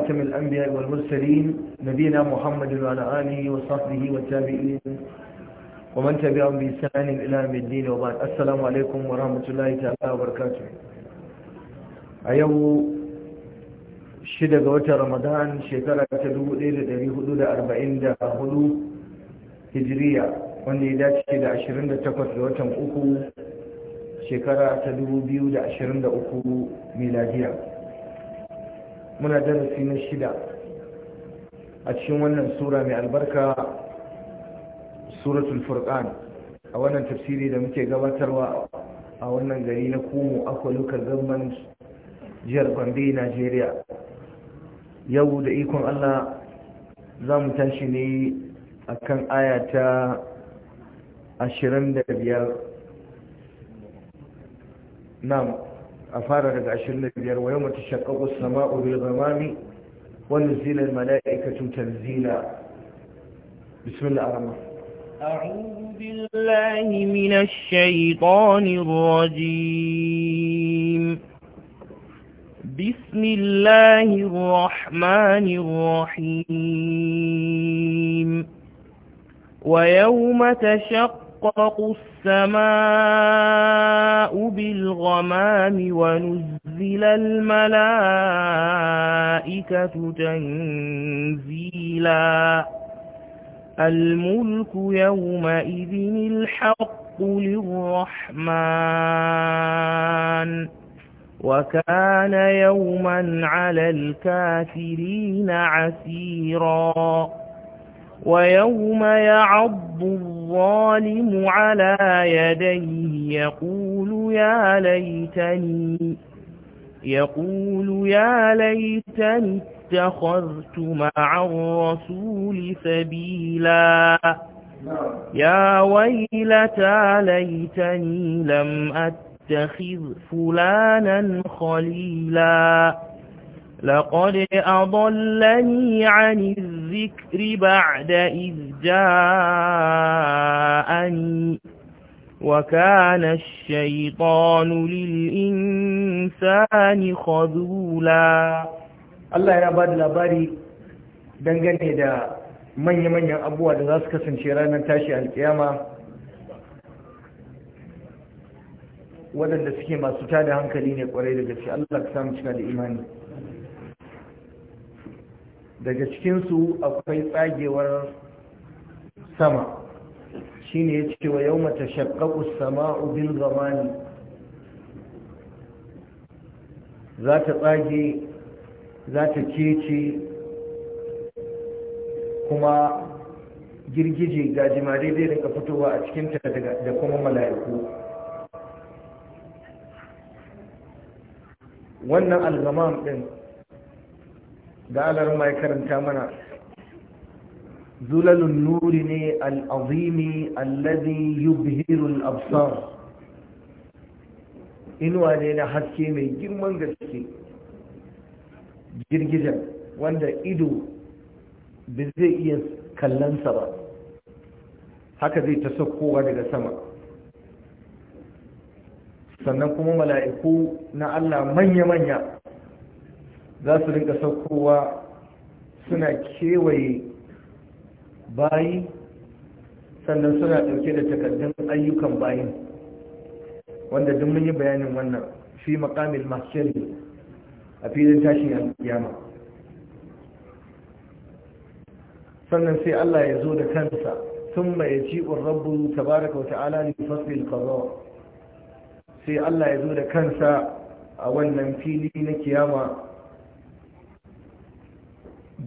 خاتم الأنبياء والمرسلين نبينا محمد وعلى آله وصحبه والتابعين ومن تبعهم بإسان إلى يوم الدين وبعد السلام عليكم ورحمة الله تعالى وبركاته أيو شدة قوة رمضان شكرا تدوه ليلة دري حدود أربعين دا هدو هجرية واني دا شدة عشرين دا تقوى قوة أكو شكرا تدوه بيو دا عشرين دا أكو ميلادية muna darasi na shida a cikin wannan sura mai albarka suratul furqan a wannan tafsiri da muke gabatarwa a wannan gari na komo akwai local government jihar gombe nigeria yau da ikon allah za mu tashi ne a kan aya ta ashirin da biyar. nam أفارق عشر نبيان ويوم تشقق السماء بالغمام ونزل الملائكة تنزيلا بسم الله الرحمن أعوذ بالله من الشيطان الرجيم بسم الله الرحمن الرحيم ويوم تشقق تشقق السماء بالغمام ونزل الملائكة تنزيلا الملك يومئذ الحق للرحمن وكان يوما على الكافرين عسيراً ويوم يعض الظالم على يديه يقول يا ليتني يقول يا ليتني اتخذت مع الرسول سبيلا يا ويلتى ليتني لم أتخذ فلانا خليلا لقد أضلني da الذكر wakana إذ جاءني وكان الشيطان للإنسان خذولا Allah ya ba da labari dangane da manya-manyan abubuwa da za su kasance ranar tashi alkiyama waɗanda suke masu tada hankali ne kwarai da gaske Allah ka samu cika da imani daga cikinsu akwai tsagewar sama shi ne ya ce wa yau mata shakkaku sama'u ubin zamani za ta tsage za ta kece kuma girgije gajimare zai rika fitowa a cikinta da kuma mala'iku wannan algamam din. da alar mai karanta mana zulalun nuri ne al'azimi allazi yubhirul absar inuwa ne na haske mai girman gaske girgijar wanda ido ba zai iya kallonsa ba haka zai ta saukowa daga sama sannan kuma mala'iku na allah manya-manya za su rinka saukowa suna kewaye bayi sannan suna ɗauke da takardun ayyukan bayin wanda duk mun yi bayanin wannan fi makamil mahshari a filin tashin kiyama sannan sai Allah ya zo da kansa sun mai jiɓin rabbu tabaraka wata'ala ne fasil kazo sai Allah ya zo da kansa a wannan fili na kiyama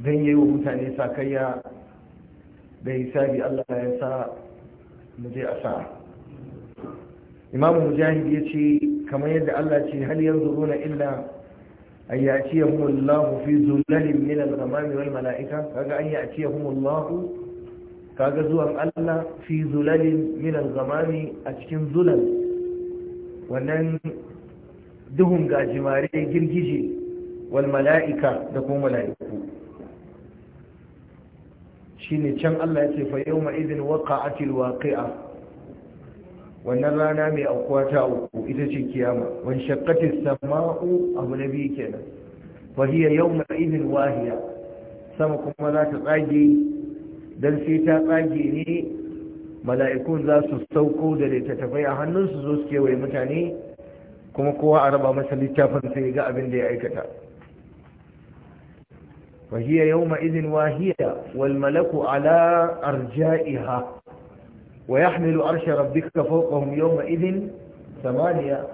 zai yi wa mutane sakayya da hisabi Allah ya sa mu je a sa imam mujahid ya ce kamar yadda Allah ce hal yanzuruna illa an ya'tiyahum Allah fi zulalin min al-ghamami wal mala'ika kaga an ya'tiyahum Allah kaga zuwan Allah fi zulalin min al-ghamami a cikin zulal wannan duhun gajimare girgije wal mala'ika da kuma mala'ika shine can Allah ya ce fa yawma idin waqa'atil waqi'a wannan rana mai aukuwa ta uku ita ce kiyama wan shaqqatis sama'u abu nabi kenan fa hiya yawma idin wahiya sama kuma za ta tsage dan sai ta tsage ne mala'ikun za su sauko da littattafai a hannunsu zo su kewaye mutane kuma kowa a raba masa littafin sai ga abin da ya aikata فهي يومئذ واهية والملك على أرجائها ويحمل أرش ربك فوقهم يومئذ ثمانية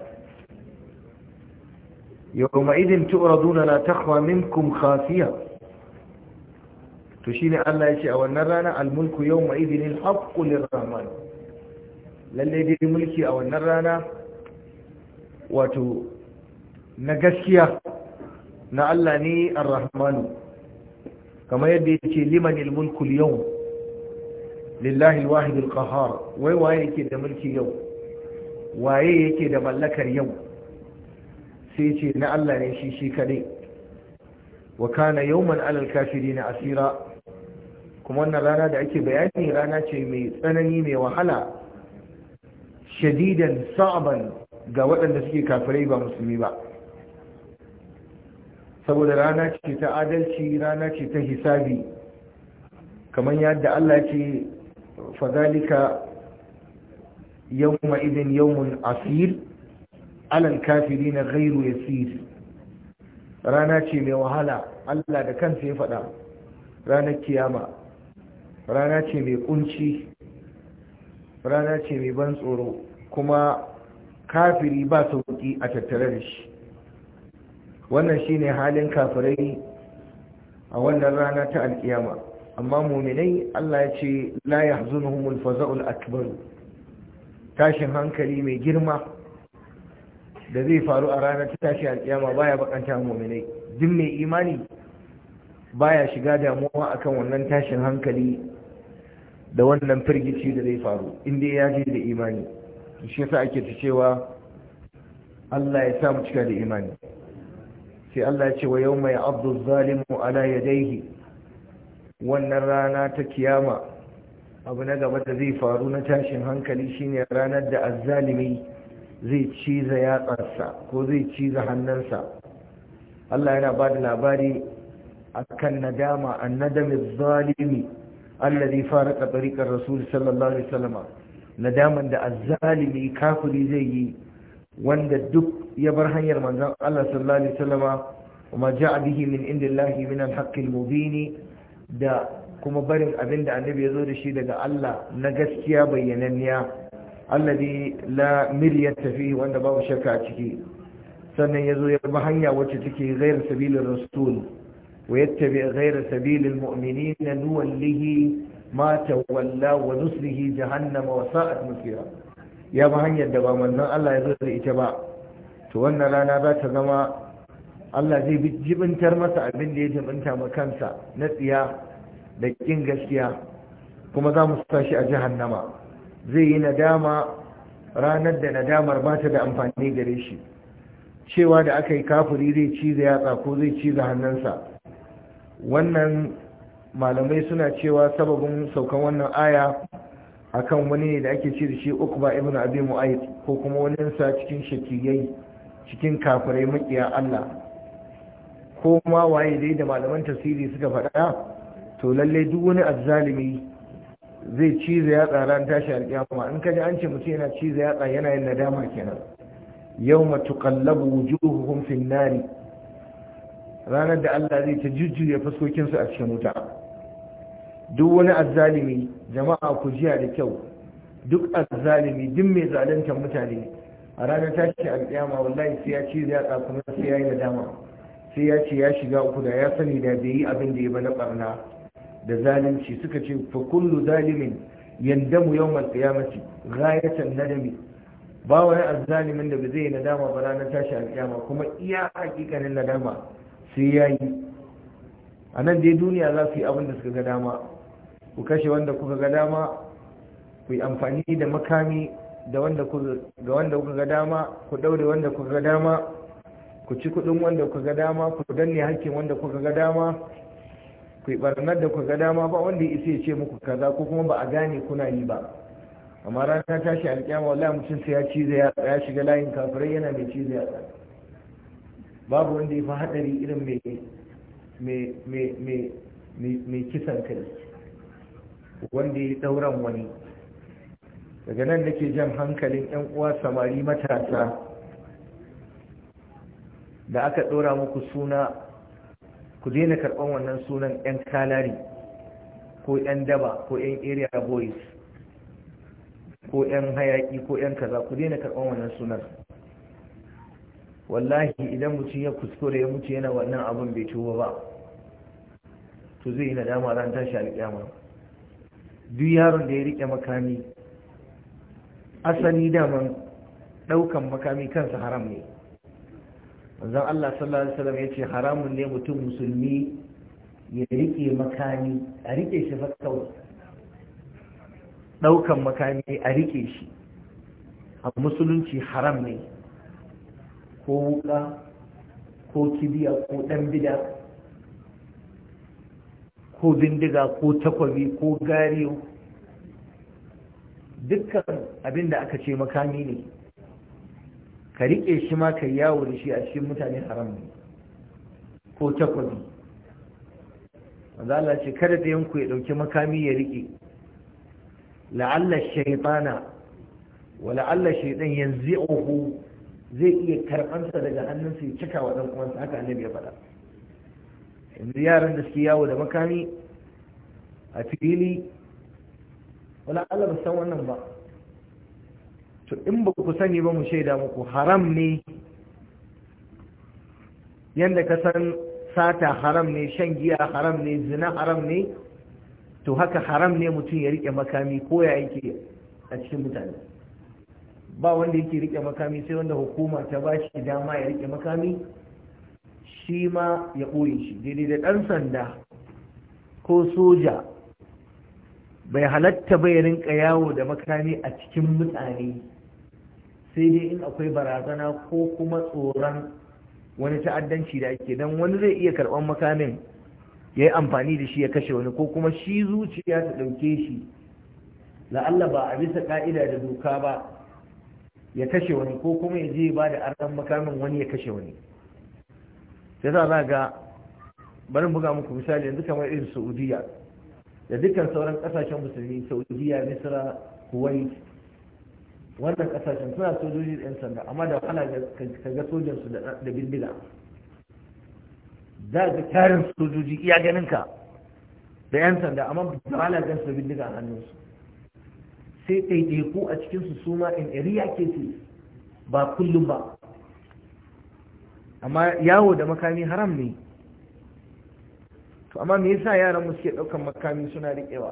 يومئذ تؤردون لا تخوى منكم خافية تشين لا يشيء والنرانة الملك يومئذ الحق للرحمن للذي ملكي أو النرانة واتو نعلني الرحمن kamar yadda ya ce limanil mulkul yau lillahi wahidul qahar wai waye yake da mulki yau waye yake da mallakar yau sai ce na Allah ne shi shi kadai wa kana yawman alal na asira kuma wannan rana da ake bayani rana ce mai tsanani mai wahala shadidan sa'ban ga waɗanda suke kafirai ba musulmi ba saboda rana ce ta adalci rana ce ta hisabi kamar yadda Allah ce fadalika yawma idin yawmun asir alal na ghairu yasir rana ce mai wahala Allah da kansa ya faɗa ranar kiyama rana ce mai kunci rana ce mai ban tsoro kuma kafiri ba sauki a tattare da shi wannan shine halin kafirai a wannan rana ta alkiyama amma muminai Allah ya ce la yahzunuhumul faza'ul akbar tashin hankali mai girma da zai faru a ranar ta tashi alkiyama baya bakanta muminai duk mai imani baya shiga damuwa akan wannan tashin hankali da wannan firgici da zai faru inda ya ji da imani shi yasa ake ta cewa Allah ya samu cika da imani sai Allah ce wa yau mai abdul zalimu ala yadaihi wannan rana ta kiyama abu na gaba da zai faru na tashin hankali shine ranar da azzalimi zai ciza yatsarsa ko zai ciza hannunsa Allah yana ba da labari kan nadama annadamin zalimi allazi fara tariqar rasul sallallahu alaihi wasallam nadaman da azzalimi kafuri zai yi wanda duk ya bar hanyar manzon Allah sallallahu alaihi wasallama kuma ja'a bihi min inda min al-haqqi da kuma barin abinda annabi ya zo da shi daga Allah na gaskiya bayyananniya alladhi la miryata tafi wanda babu shakka a ciki sannan ya zo ya bi hanya wacce take gairar sabilin rasul wa gairar sabilin sabilil mu'minina nuwallihi ma tawalla wa nuslihi jahannama wa sa'at masira ya ba hanyar da ba wannan Allah ya zai ita ba to wannan rana za ta zama Allah zai bi jibintar masa abin da ya jibinta ma kansa na tsiya da kin gaskiya kuma za mu sa shi a jahannama zai yi nadama ranar da nadamar ba ta da amfani gare shi cewa da aka yi kafuri zai ciza yatsa ko zai ciza hannunsa wannan malamai suna cewa sababin saukan wannan aya akan wani ne da ake ce da shi ukba ibn abi mu'ayyid ko kuma wani sa cikin shakiyai cikin kafirai makiya Allah ko ma waye dai da malaman tafsiri suka faɗa to lalle duk wani azzalimi zai ciza yatsa ran tashi alƙiyama in ji an ce mutum yana ciza yatsa yana yin nadama kenan yawma tuqallabu wujuhuhum fin nari ranar da Allah zai ta jujjuya su a cikin wuta duk wani azzalimi jama'a ku jiya da kyau duk azzalimi duk mai zaluntar mutane a ranar tashi alƙiyama wallahi sai ya ci zai kuma sai ya yi nadama sai ya ce ya shiga uku da ya sani da bai yi abin da ya bana barna da zalunci suka ce fa kullu zalimin yandamu yawmal qiyamati ghayatan nadami ba wani azzalimin da ba zai nadama ba ranar tashi alƙiyama kuma iya hakikanin nadama sai ya yi a nan dai duniya za su yi abin da suka ga dama ku kashe wanda kuka ga dama ku yi amfani da makami ga wanda kuka ga dama ku daure wanda kuka ga dama ku ci kudin wanda kuka ga dama ku danne hakkin wanda kuka ga dama ku yi barnar da kuka ga dama ba wanda isa ya ce muku kaza ko kuma ba a gane kuna yi ba amma rana ta tashi alƙyama wallahi mutum sai ya cize ya shiga layin kafirai yana mai cize ya babu wanda ya fi haɗari irin mai kisan kai wanda ya yi ɗauran wani daga nan nake jan hankalin 'yan uwa samari matasa da aka ɗora muku suna ku daina karɓar wannan sunan 'yan kalari ko 'yan daba ko 'yan area boys ko 'yan hayaƙi ko 'yan kaza ku daina karɓar wannan sunan wallahi idan mutum ya kuskure ya mutu yana wannan abin bai tuba ba to zai yi nadama ran tashi alƙiyama duk yaron da ya rike makami asali daman daukan makami kansa haram ne manzon Allah sallallahu alaihi wasallam yace haramun ne mutum musulmi ya rike makami a rike shi fa kawai daukan makami a rike shi a musulunci haram ne ko wuka ko kibiya ko dan bida ko bindiga ko takwabi ko gariyo dukkan abin da aka ce makami ne ka riƙe shi ma ka yawo da shi a cikin mutane haram ne ko takwabi Allah ce kada da yanku ya ɗauki makami ya riƙe la'alla shaitana wa la'alla shaitan yanzu zai iya karɓansa daga hannunsa ya cika wa ɗan uwansa haka annabi ya faɗa yanzu yaran da suke yawo da makami a fili wani Allah ba san wannan ba to in ba ku sani ba mu shaida muku haram ne yadda ka san sata haram ne shan giya haram ne zina haram ne to haka haram ne mutum ya rike makami ko ya yake a cikin mutane ba wanda yake rike makami sai wanda hukuma ta ba shi dama ya rike makami shi ma ya ɓoye shi daidai da ɗan sanda ko soja bai halatta bayanin rinka yawo da makami a cikin mutane sai dai in akwai barazana ko kuma tsoron wani ta'addanci da ake don wani zai iya karɓar makamin ya yi amfani da shi ya kashe wani ko kuma shi zuciya ta ɗauke shi la'alla ba a bisa ƙa'ida da doka ba ya kashe wani ko kuma ya je ba da aron makamin wani ya kashe wani sai za za ga bari buga muku misali yanzu kamar irin saudiya da dukkan sauran kasashen musulmi saudiya misra kuwait wannan kasashen suna sojoji da 'yan sanda amma da wahala ka ga sojansu da bindiga za ga tarin sojoji iya ganinka da 'yan sanda amma da wahala ga su bindiga a hannunsu sai ɗaiɗaiku a cikinsu su ma in area cases ba kullum ba amma yawo da makami haram ne to amma me yasa yaran mu suke daukan makami suna riƙewa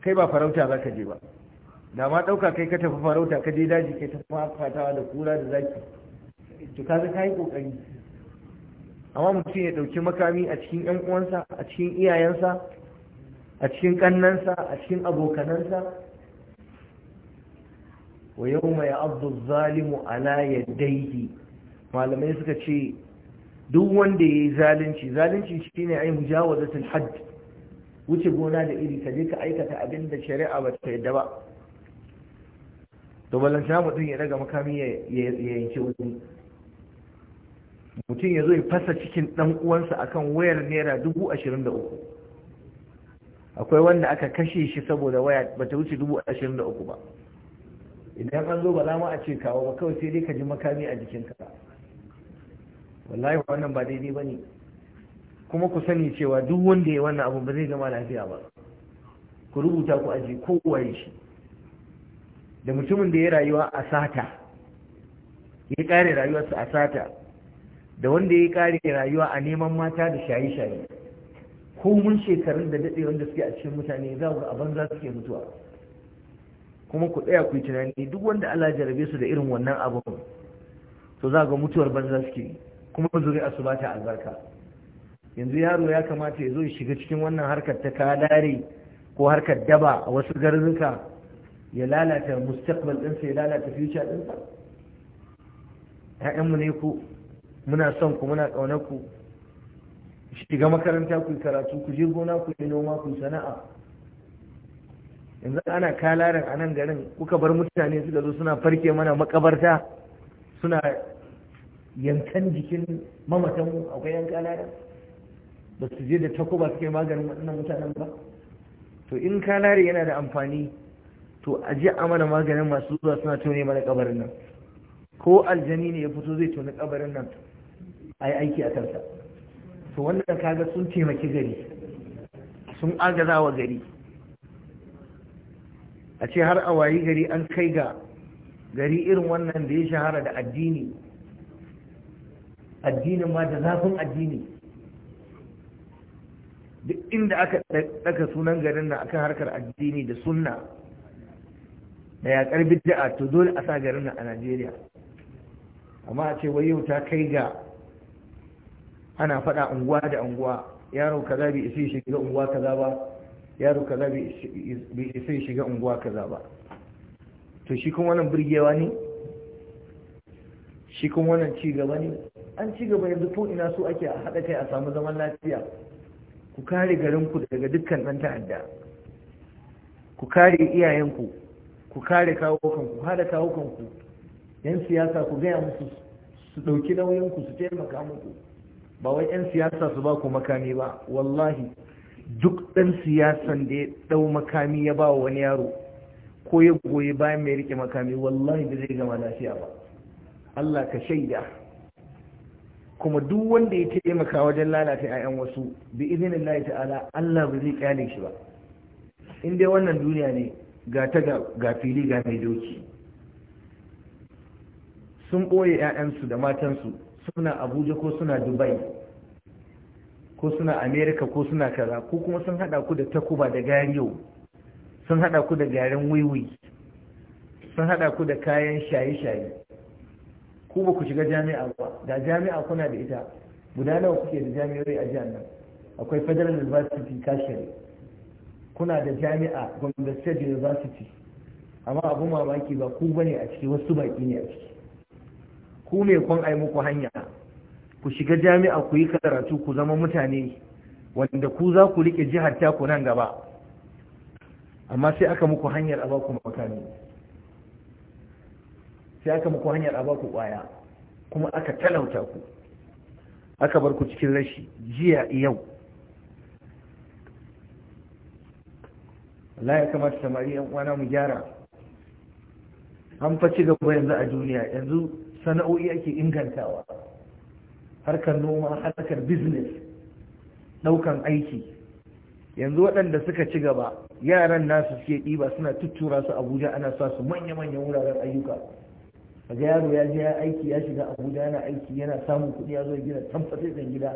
kai ba farauta za ka je ba da ma ɗauka kai ka tafi farauta ka je daji kai tafi fatawa da kura da zaki to ka ka yi ƙoƙari amma mutum ya dauki makami a cikin 'yan uwansa a cikin iyayensa a cikin kannansa a cikin abokanansa wa yau mai abdu zalimu ala ya malamai suka ce duk wanda ya yi zalunci zalunci shi ne ai mujawazatul hadd wuce gona da iri ka ka aikata abin da shari'a ba ta yadda ba to sha mutum ya daga makami ya yanke wani mutum ya zo ya fasa cikin dan uwansa akan wayar naira dubu ashirin da uku akwai wanda aka kashe shi saboda waya bata wuce dubu ashirin da uku ba idan an zo ba za mu a ce kawo ba kawai sai dai ka ji makami a jikinka wallahi wannan ba daidai ba ne kuma ku sani cewa duk wanda ya wannan abu ba zai zama lafiya ba ku rubuta ku aji ko waye shi da mutumin da ya rayuwa a sata ya kare rayuwar rayuwarsa a sata da wanda ya kare rayuwa a neman mata da shaye-shaye ko mun shekarun da dade wanda suke a cikin mutane za ku a banza suke mutuwa kuma ku tsaya ku yi tunani duk wanda Allah jarabe su da irin wannan abun to za ga mutuwar banza suke kuma zuri'a su ba ta albarka yanzu yaro ya kamata ya zo ya shiga cikin wannan harkar ta kadare ko harkar daba a wasu garuruka ya lalata mustaqbal ɗinsa ya lalata future ɗinsa ‘ya'yanmu ne ku muna son ku muna ƙaunar ku shiga makaranta ku karatu ku je gona ku yi noma ku sana'a yanzu ana kalarin a nan garin kuka bar mutane suka zo suna farke mana makabarta suna yankan jikin mamatanmu akwai yan kalarin ba su je da takuba suke maganin waɗannan mutanen ba to in kalari yana da amfani to a ji a mana maganin masu zuwa suna tone mana kabarin nan ko aljani ne ya fito zai tone kabarin nan a yi aiki a kansa to wannan kaga sun taimaki gari sun agaza wa gari a ce har a wayi gari an kai ga gari irin wannan da ya shahara da addini addinin ma da zafin addini duk inda aka ɗaka sunan garin nan akan harkar addini da sunna da yaƙar bid'a to dole a sa garin na a Najeriya amma a ce wai yau ta kai ga ana faɗa unguwa da unguwa yaro kaza bai isa shiga unguwa kaza ba yaro kaza bai isa ya shiga unguwa kaza ba to shi kuma wannan burgewa ne shi kuma wannan cigaba ne an cigaba yanzu ko ina so ake haɗa kai a samu zaman lafiya ku kare garinku daga dukkan ɗan ta'adda ku kare iyayenku ku kare kawo kanku hada kawo kanku yan siyasa ku gaya musu su ɗauki nauyinku su taimaka muku ba wai yan siyasa su ba ku makami ba wallahi duk ɗan siyasan da ya ɗau makami ya ba wani yaro ko ya goyi bayan mai rike makami wallahi ba zai gama lafiya ba Allah ka shaida kuma duk wanda ya taimaka wajen lalata 'ya'yan wasu bi izinin Allah ta'ala Allah ba zai kyale shi ba in dai wannan duniya ne ga ta ga fili ga mai doki sun ɓoye 'ya'yansu da matansu suna abuja ko suna dubai ko suna amerika ko suna kaza ko kuma sun hada ku da takuba da gariyo sun hada ku da garin wiwi sun hada ku da kayan shaye-shaye ku ba ku shiga jami'a ba da jami'a kuna da ita guda nawa kuke da jami'ai a jihar nan akwai federal university kashiri kuna da jami'a gwamnati state university amma abun mamaki ba ku bane a ciki wasu baki ne a ciki ku ne kun ai muku hanya ku shiga jami'a ku yi karatu ku zama mutane wanda ku za ku rike jihar taku nan gaba amma sai aka muku hanyar a baku makami sai aka muku hanyar a baku kwaya kuma aka talauta ku aka bar ku cikin rashi jiya yau Allah ya kamata samari yan uwana mu gyara an fa ci gaba yanzu a duniya yanzu sana'o'i ake ingantawa harkar noma harkar business daukan aiki yanzu waɗanda suka ci gaba yaran nasu suke ɗiba suna tuttura su abuja ana sa su manya-manyan wuraren ayyuka ga yaro ya je ya aiki ya shiga abuja yana aiki yana samun kuɗi ya zo gida tamfasai ɗan gida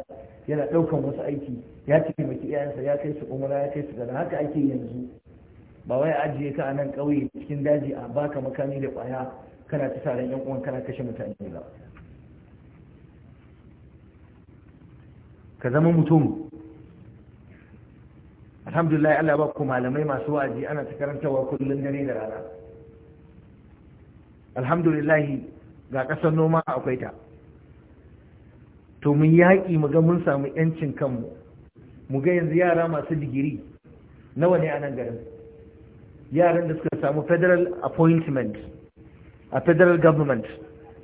yana ɗaukan wasu aiki ya taimaki iyayensa ya kai su umara ya kai su gana haka ake yanzu ba wai ajiye ka a nan ƙauye cikin daji a baka makami da ƙwaya kana ta sa ran yan uwan kana kashe mutane ba ka zama mutum alhamdulillah Allah ba ku malamai masu wa'azi ana ta karantawa kullum dare da rana alhamdulillah ga ƙasar noma akwai ta to mun yaƙi mu ga mun samu 'yancin kanmu mu ga yanzu yara masu digiri nawa ne a garin yaran da suka samu federal appointment a federal government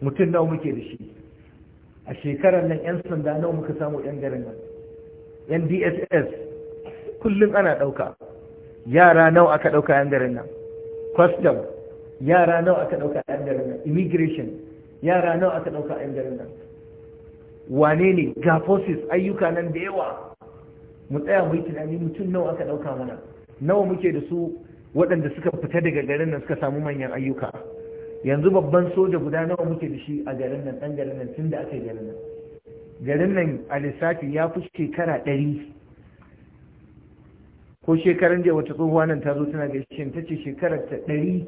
mutum nawa muke da shi a shekarar nan 'yan sanda nawa muka samu 'yan garin nan yan dss kullum ana ɗauka yara nawa aka ɗauka 'yan garin nan custom yara nawa aka ɗauka 'yan garin nan immigration yara nawa aka ɗauka 'yan garin nan wane ne ga forces ayyuka nan da yawa mu tsaya mu yi tunani mutum nawa aka ɗauka mana nawa muke da su waɗanda suka fita daga garin nan suka samu manyan ayyuka yanzu babban soja guda nawa muke da shi a garin nan ɗan garin nan tun da aka yi garin nan garin nan a lissafi ya fi shekara ɗari ko shekaran jiya wata tsohuwa nan ta zo tana gaishe ta ce shekarar ta ɗari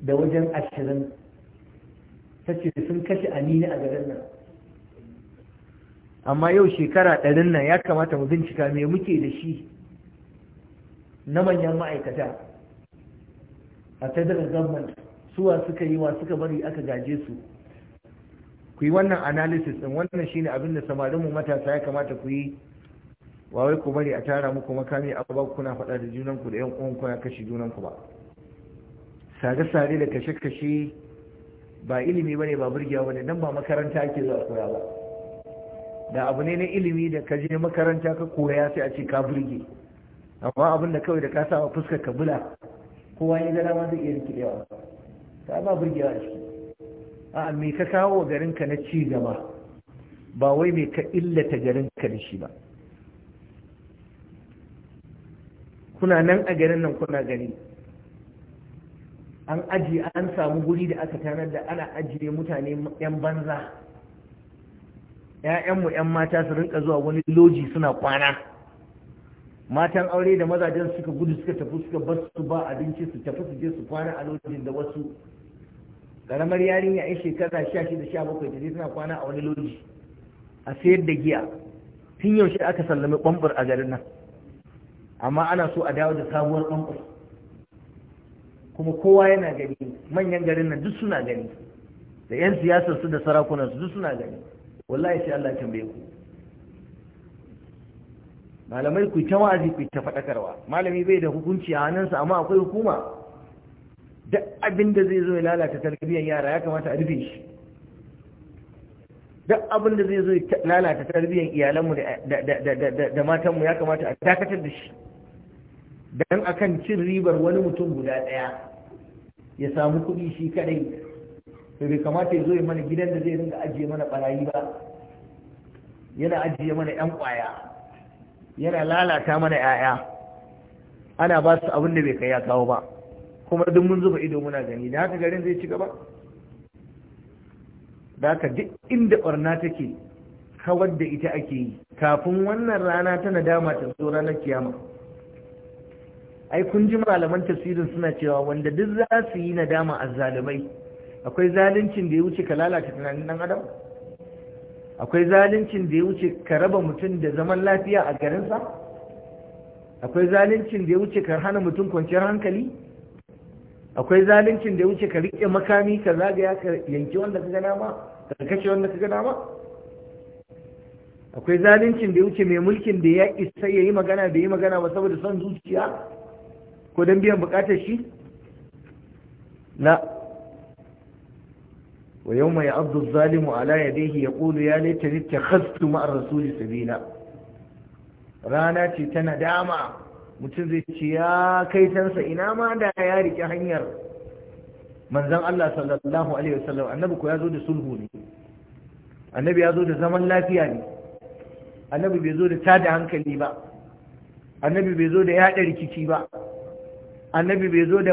da wajen ashirin ta ce sun kashe amini a garin nan amma yau shekara ɗarin nan ya kamata mu bincika me muke da shi na manyan ma'aikata a federal government suwa suka yi wa suka bari aka gaje su ku yi wannan analysis din wannan shine abin da samarinmu matasa ya kamata ku yi wai ku bari a tara muku makami a ba kuna faɗa da junanku da 'yan uwanku ya kashe junanku ba sare-sare da kashe-kashe ba ilimi ba ne ba burgewa ba ne nan ba makaranta ake zuwa koya ba da abu ne na ilimi da ka je makaranta ka koya sai a ce ka burge amma abin da kawai da ka sa fuskar ka bula kowa ya gana ma zai iya rikidewa ta ba burgewa a ciki a me ka kawo garinka na ci gaba ba wai me ka illata garinka da shi ba kuna nan a garin nan kuna gani an aji an samu guri da aka tanar da ana ajiye mutane 'yan banza 'ya'yanmu 'yan mata su rinka zuwa wani loji suna kwana matan aure da mazajen suka gudu suka tafi suka bar su ba abinci su tafi su je su kwana a lojin da wasu karamar yarinya yi shekara sha shida sha bakwai da suna kwana a wani loji a sayar da giya tun yaushe aka sallami kwamfur a garin nan amma ana so a dawo da sabuwar kwamfur kuma kowa yana gani manyan garin nan duk suna gani da yan siyasar su da sarakunan su duk suna gani wallahi sai Allah ya tambaye ku malamai ku ta wa'azi ku ta fadakarwa malami bai da hukunci a hannunsa amma akwai hukuma duk abin da zai zo ya lalata tarbiyyar yara ya kamata a rufe shi duk abin da zai zo ya lalata tarbiyyar iyalanmu da matanmu ya kamata a dakatar da shi don akan cin ribar wani mutum guda ɗaya ya samu kuɗi shi kadai to bai kamata ya zo ya mana gidan da zai ringa ajiye mana barayi ba yana ajiye mana 'yan kwaya yana lalata mana 'ya'ya ana ba su abin da bai kai ya kawo ba kuma duk mun zuba ido muna gani da haka garin zai ci gaba da haka duk inda ɓarna take kawar da ita ake yi kafin wannan rana ta nadama ta zo ranar kiyama ai kun ji malaman tafsirin suna cewa wanda duk za su yi nadama a zalimai akwai zaluncin da ya wuce ka lalata tunanin dan adam akwai zaluncin da ya wuce ka raba mutum da zaman lafiya a garinsa akwai zaluncin da ya wuce ka hana mutum kwanciyar hankali akwai zaluncin da ya wuce ka riƙe makami ka zagaya ka yanki wanda ka gana ma ka kashe wanda ka gana ma akwai zaluncin da ya wuce mai mulkin da ya isa ya yi magana da yi magana ba saboda son zuciya ko don biyan bukatar shi na ويوم يعض الظالم على ya يقول يا ليتني اتخذت مع الرسول سبيلا Rana ce ta nadama mutum zai ce ya kai tansa ina ma da ya rike hanyar manzon Allah sallallahu alaihi annabi ko ya zo da sulhu ne annabi ya zo da zaman lafiya ne annabi bai zo da tada hankali ba annabi bai zo da yada rikici ba annabi bai zo da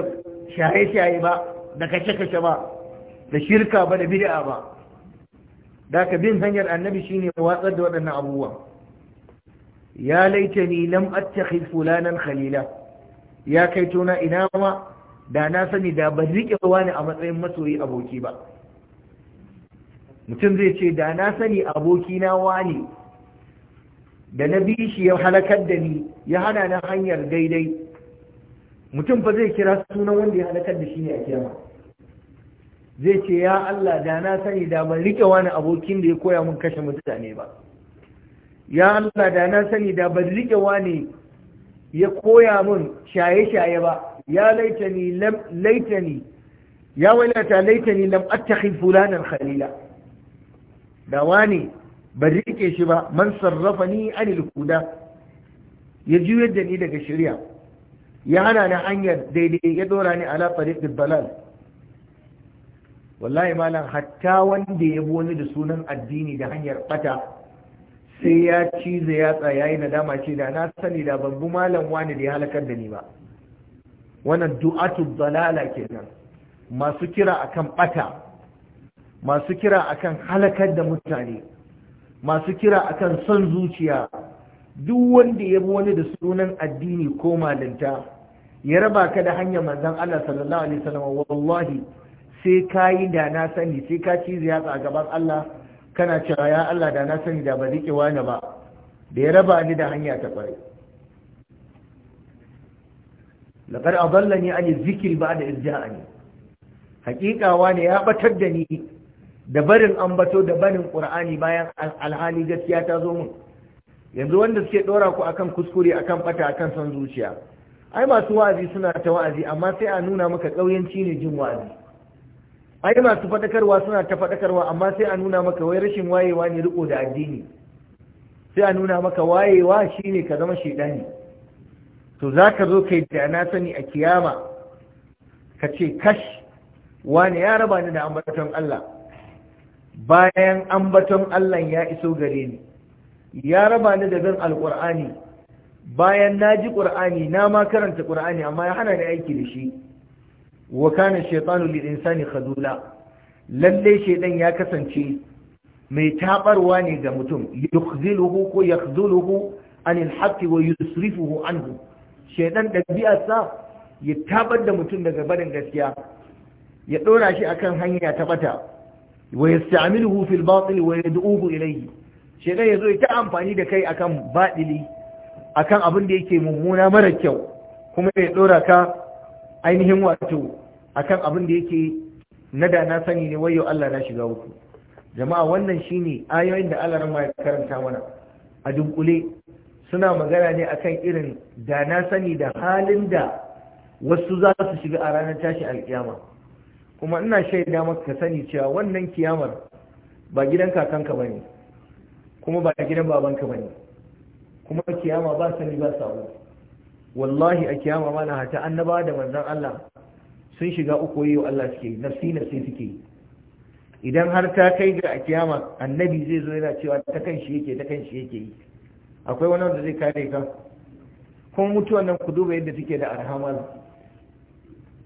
shaye-shaye ba da kashe-kashe ba da shirka ba da bid'a ba da ka bin hanyar annabi shine watsar da waɗannan abubuwa ya ni lam attakhi fulanan khalila ya kai tona ina ma da na sani da ban rike wani a matsayin masoyi aboki ba mutum zai ce da na sani aboki na wani da na bi shi ya halakar da ni ya hana na hanyar daidai mutum fa zai kira sunan wanda ya halakar da shi ne a kiyama zai ce ya Allah da na sani da ban rike wani abokin da ya koya mun kashe mutane ba ya Allah da na sani da ban rike wani ya koya mun shaye-shaye ba ya laitani laitani ya wailata laitani lam attakhid fulanan khalila da wani ban rike shi ba man sarrafani anil huda ya juyar da ni daga shirya. ya hana ni hanyar daidai ya dora ni ala tariqid balal. wallahi malam hatta wanda ya bi wani da sunan addini da hanyar bata sai ya cize yatsa yayi nadama ce da na sani da ban bi malam wani da ya halakar da ni ba wannan du'atu dalala kenan masu kira akan bata masu kira akan halakar da mutane masu kira akan son zuciya duk wanda ya bi wani da sunan addini ko malinta ya raba ka da hanyar manzon Allah sallallahu alaihi wasallam wallahi sai ka yi da na sani sai ka ci ziyarta a gaban Allah kana cewa ya Allah da na sani da ba riƙe wani ba da ya raba ni da hanya ta ƙwarai laƙar aballa ne an yi zikir ba da irja'ani haƙiƙawa ne ya batar da ni da barin ambato da barin ƙur'ani bayan alhali gaskiya ta zo mun yanzu wanda suke ɗora ku akan kuskure akan ɓata akan son zuciya ai masu wa'azi suna ta wa'azi amma sai a nuna maka ƙauyanci ne jin wa'azi ai masu faɗakarwa suna ta faɗakarwa amma sai a nuna maka wai rashin wayewa ne riko da addini sai a nuna maka wayewa shine ka zama shaidani to za ka zo kai da na sani a kiyama ka ce kash wani ya raba ni da ambaton Allah bayan ambaton Allah ya iso gare ni ya raba ni da zan alƙur'ani bayan na ji ƙur'ani na ma karanta ƙur'ani amma ya hana ni aiki da shi wa kana shaytanu lil insani khadula lalle shaydan ya kasance mai tabarwa ne ga mutum yukhziluhu ko yakhzuluhu anil haqqi wa yusrifuhu anhu shaydan sa ya tabar da mutum daga barin gaskiya ya dora shi akan hanya ta bata wa yasta'miluhu fil batil wa yad'uhu ilayhi shaydan yazo ya ta amfani da kai akan batili akan abin da yake mummuna mara kyau kuma ya dora ka ainihin wato akan abin da yake na da na sani ne wayo Allah na shiga uku jama'a wannan shine ayoyin da Allah ran ya karanta mana a dunkule suna magana ne akan irin da na sani da halin da wasu za su shiga a ranar tashi alkiyama kuma ina shaida maka ka sani cewa wannan kiyamar ba gidan kakanka bane kuma ba gidan babanka bane kuma kiyama ba sani ba sabo wallahi a kiyama mana hata annabawa da manzon Allah sun shiga uku yi wa Allah suke nafsi nafsi suke idan har ta kai ga a kiyama annabi zai zo yana cewa ta kan shi yake ta kan shi yake yi akwai wani wanda zai kare ka kun mutuwan nan ku duba yadda suke da arhamar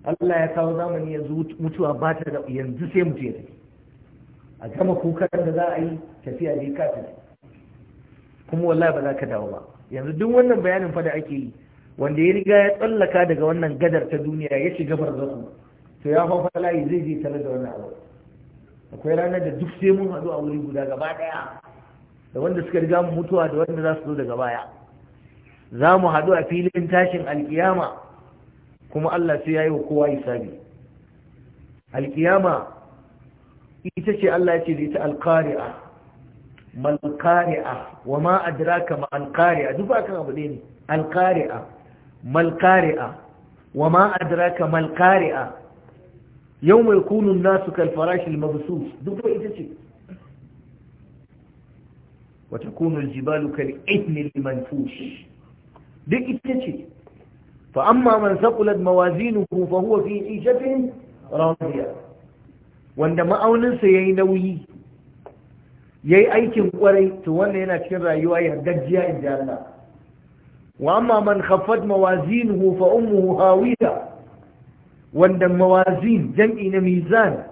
Allah ya kawo zamani yanzu mutuwa ba ta da yanzu sai mutu ya a gama kukan da za a yi tafiya ne ka tafi kuma wallahi ba za ka dawo ba yanzu duk wannan bayanin fa da ake yi wanda ya riga ya tsallaka daga wannan gadar ta duniya ya shiga barzaku to ya fa layi zai je tare da wannan abu akwai ranar da duk sai mun haɗu a wuri guda gaba ɗaya da wanda suka riga mu mutuwa da wanda za su zo daga baya za mu haɗu a filin tashin alkiyama kuma Allah sai ya yi wa kowa hisabi alkiyama ita ce Allah ce da ita alkari'a malkari'a wa ma adraka ma alkari'a duk ba kan abu ne alkari'a malkari'a wa ma adraka malkari'a yau mai kunun nasu kalfarashin mabusus duk da ita ce wata kunun jibalu kal'ihni limanfush duk ita ce fa amma man saƙulat mawazinuhu fa huwa fi ijabin radiya wanda ma'auninsa ya yi nauyi ya yi aikin kwarai to wannan yana cikin rayuwa ya gajiya in ji Allah wama man khaffat mawazinuhu fa ummuhu hawiya wanda mawazin jam'i na mizan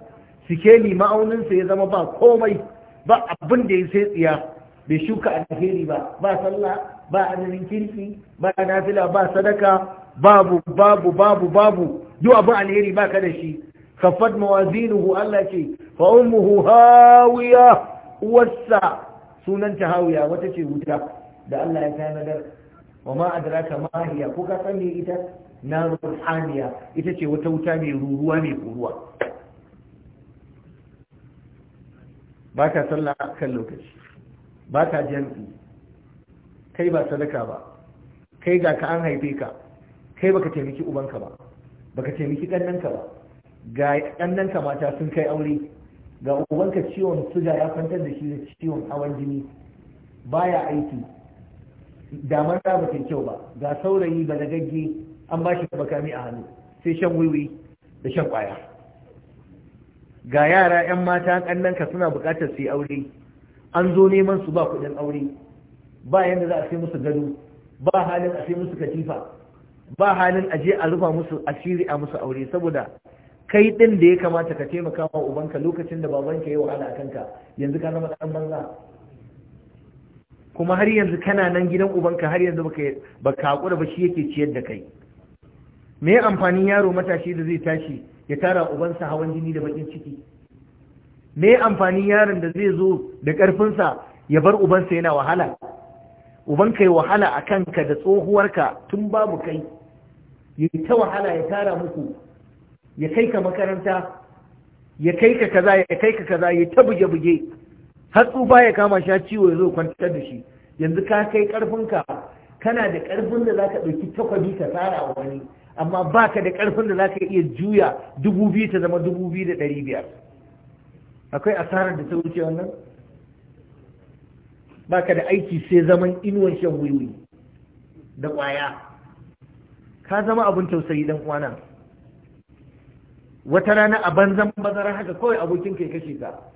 sikeli ma'aunin ya zama ba komai ba abin ya sai tsiya bai shuka alheri ba ba sallah ba azumin kirki ba nafila sadaka babu babu babu babu duk abu alheri baka da shi khaffat mawazinuhu Allah ce fa ummuhu hawiya uwarsa sunanta hawiya wata ce wuta da Allah ya kai nagar wa ma adraka ma hiya ko ka san me ita na ruhaniya ita ce wata wuta mai ruruwa mai koruwa ba ka sallah kan lokaci ba ka jami'i kai ba sadaka ba kai ga ka an haife ka kai baka taimaki ubanka ba baka taimaki ɗannanka ba ga ɗannanka mata sun kai aure ga ubanka ciwon suga ya kwantar da shi da ciwon hawan jini baya aiki damar ta ba kyau ba ga saurayi ba da gaggi an ba shi kami a hannu sai shan wiwi da shan kwaya ga yara 'yan mata ka suna bukatar su yi aure an zo neman su ba kudin aure ba yadda za a sai musu gado ba halin a sai musu katifa ba halin a je a rufa musu asiri a musu aure saboda kai din da ya kamata ka taimaka wa ubanka lokacin da babanka ya wahala a kanka yanzu ka zama dan banza kuma har yanzu kana nan gidan ubanka har yanzu baka haƙura ba shi yake ciyar da kai me amfanin yaro matashi da zai tashi ya tara ubansa hawan jini da bakin ciki me amfani yaron da zai zo da ƙarfinsa ya bar ubansa yana wahala ubanka ya wahala a kanka da tsohuwarka tun babu kai ya ta wahala ya tara muku ya kai ka makaranta ya kai ka kaza ya kai ka kaza ya ta buge-buge har tsufa ya kama sha ciwo ya zo kwantar da shi yanzu ka kai karfinka kana da karfin da zaka ɗauki takwabi ka tsara a wani amma baka da karfin da zaka iya juya dubu biyu ta zama dubu biyu da ɗari biyar akwai asarar da ta wuce wannan baka da aiki sai zaman inuwan shan wiwi da ƙwaya ka zama abin tausayi dan uwana wata rana a banzan bazara haka kawai abokin kai kashe ka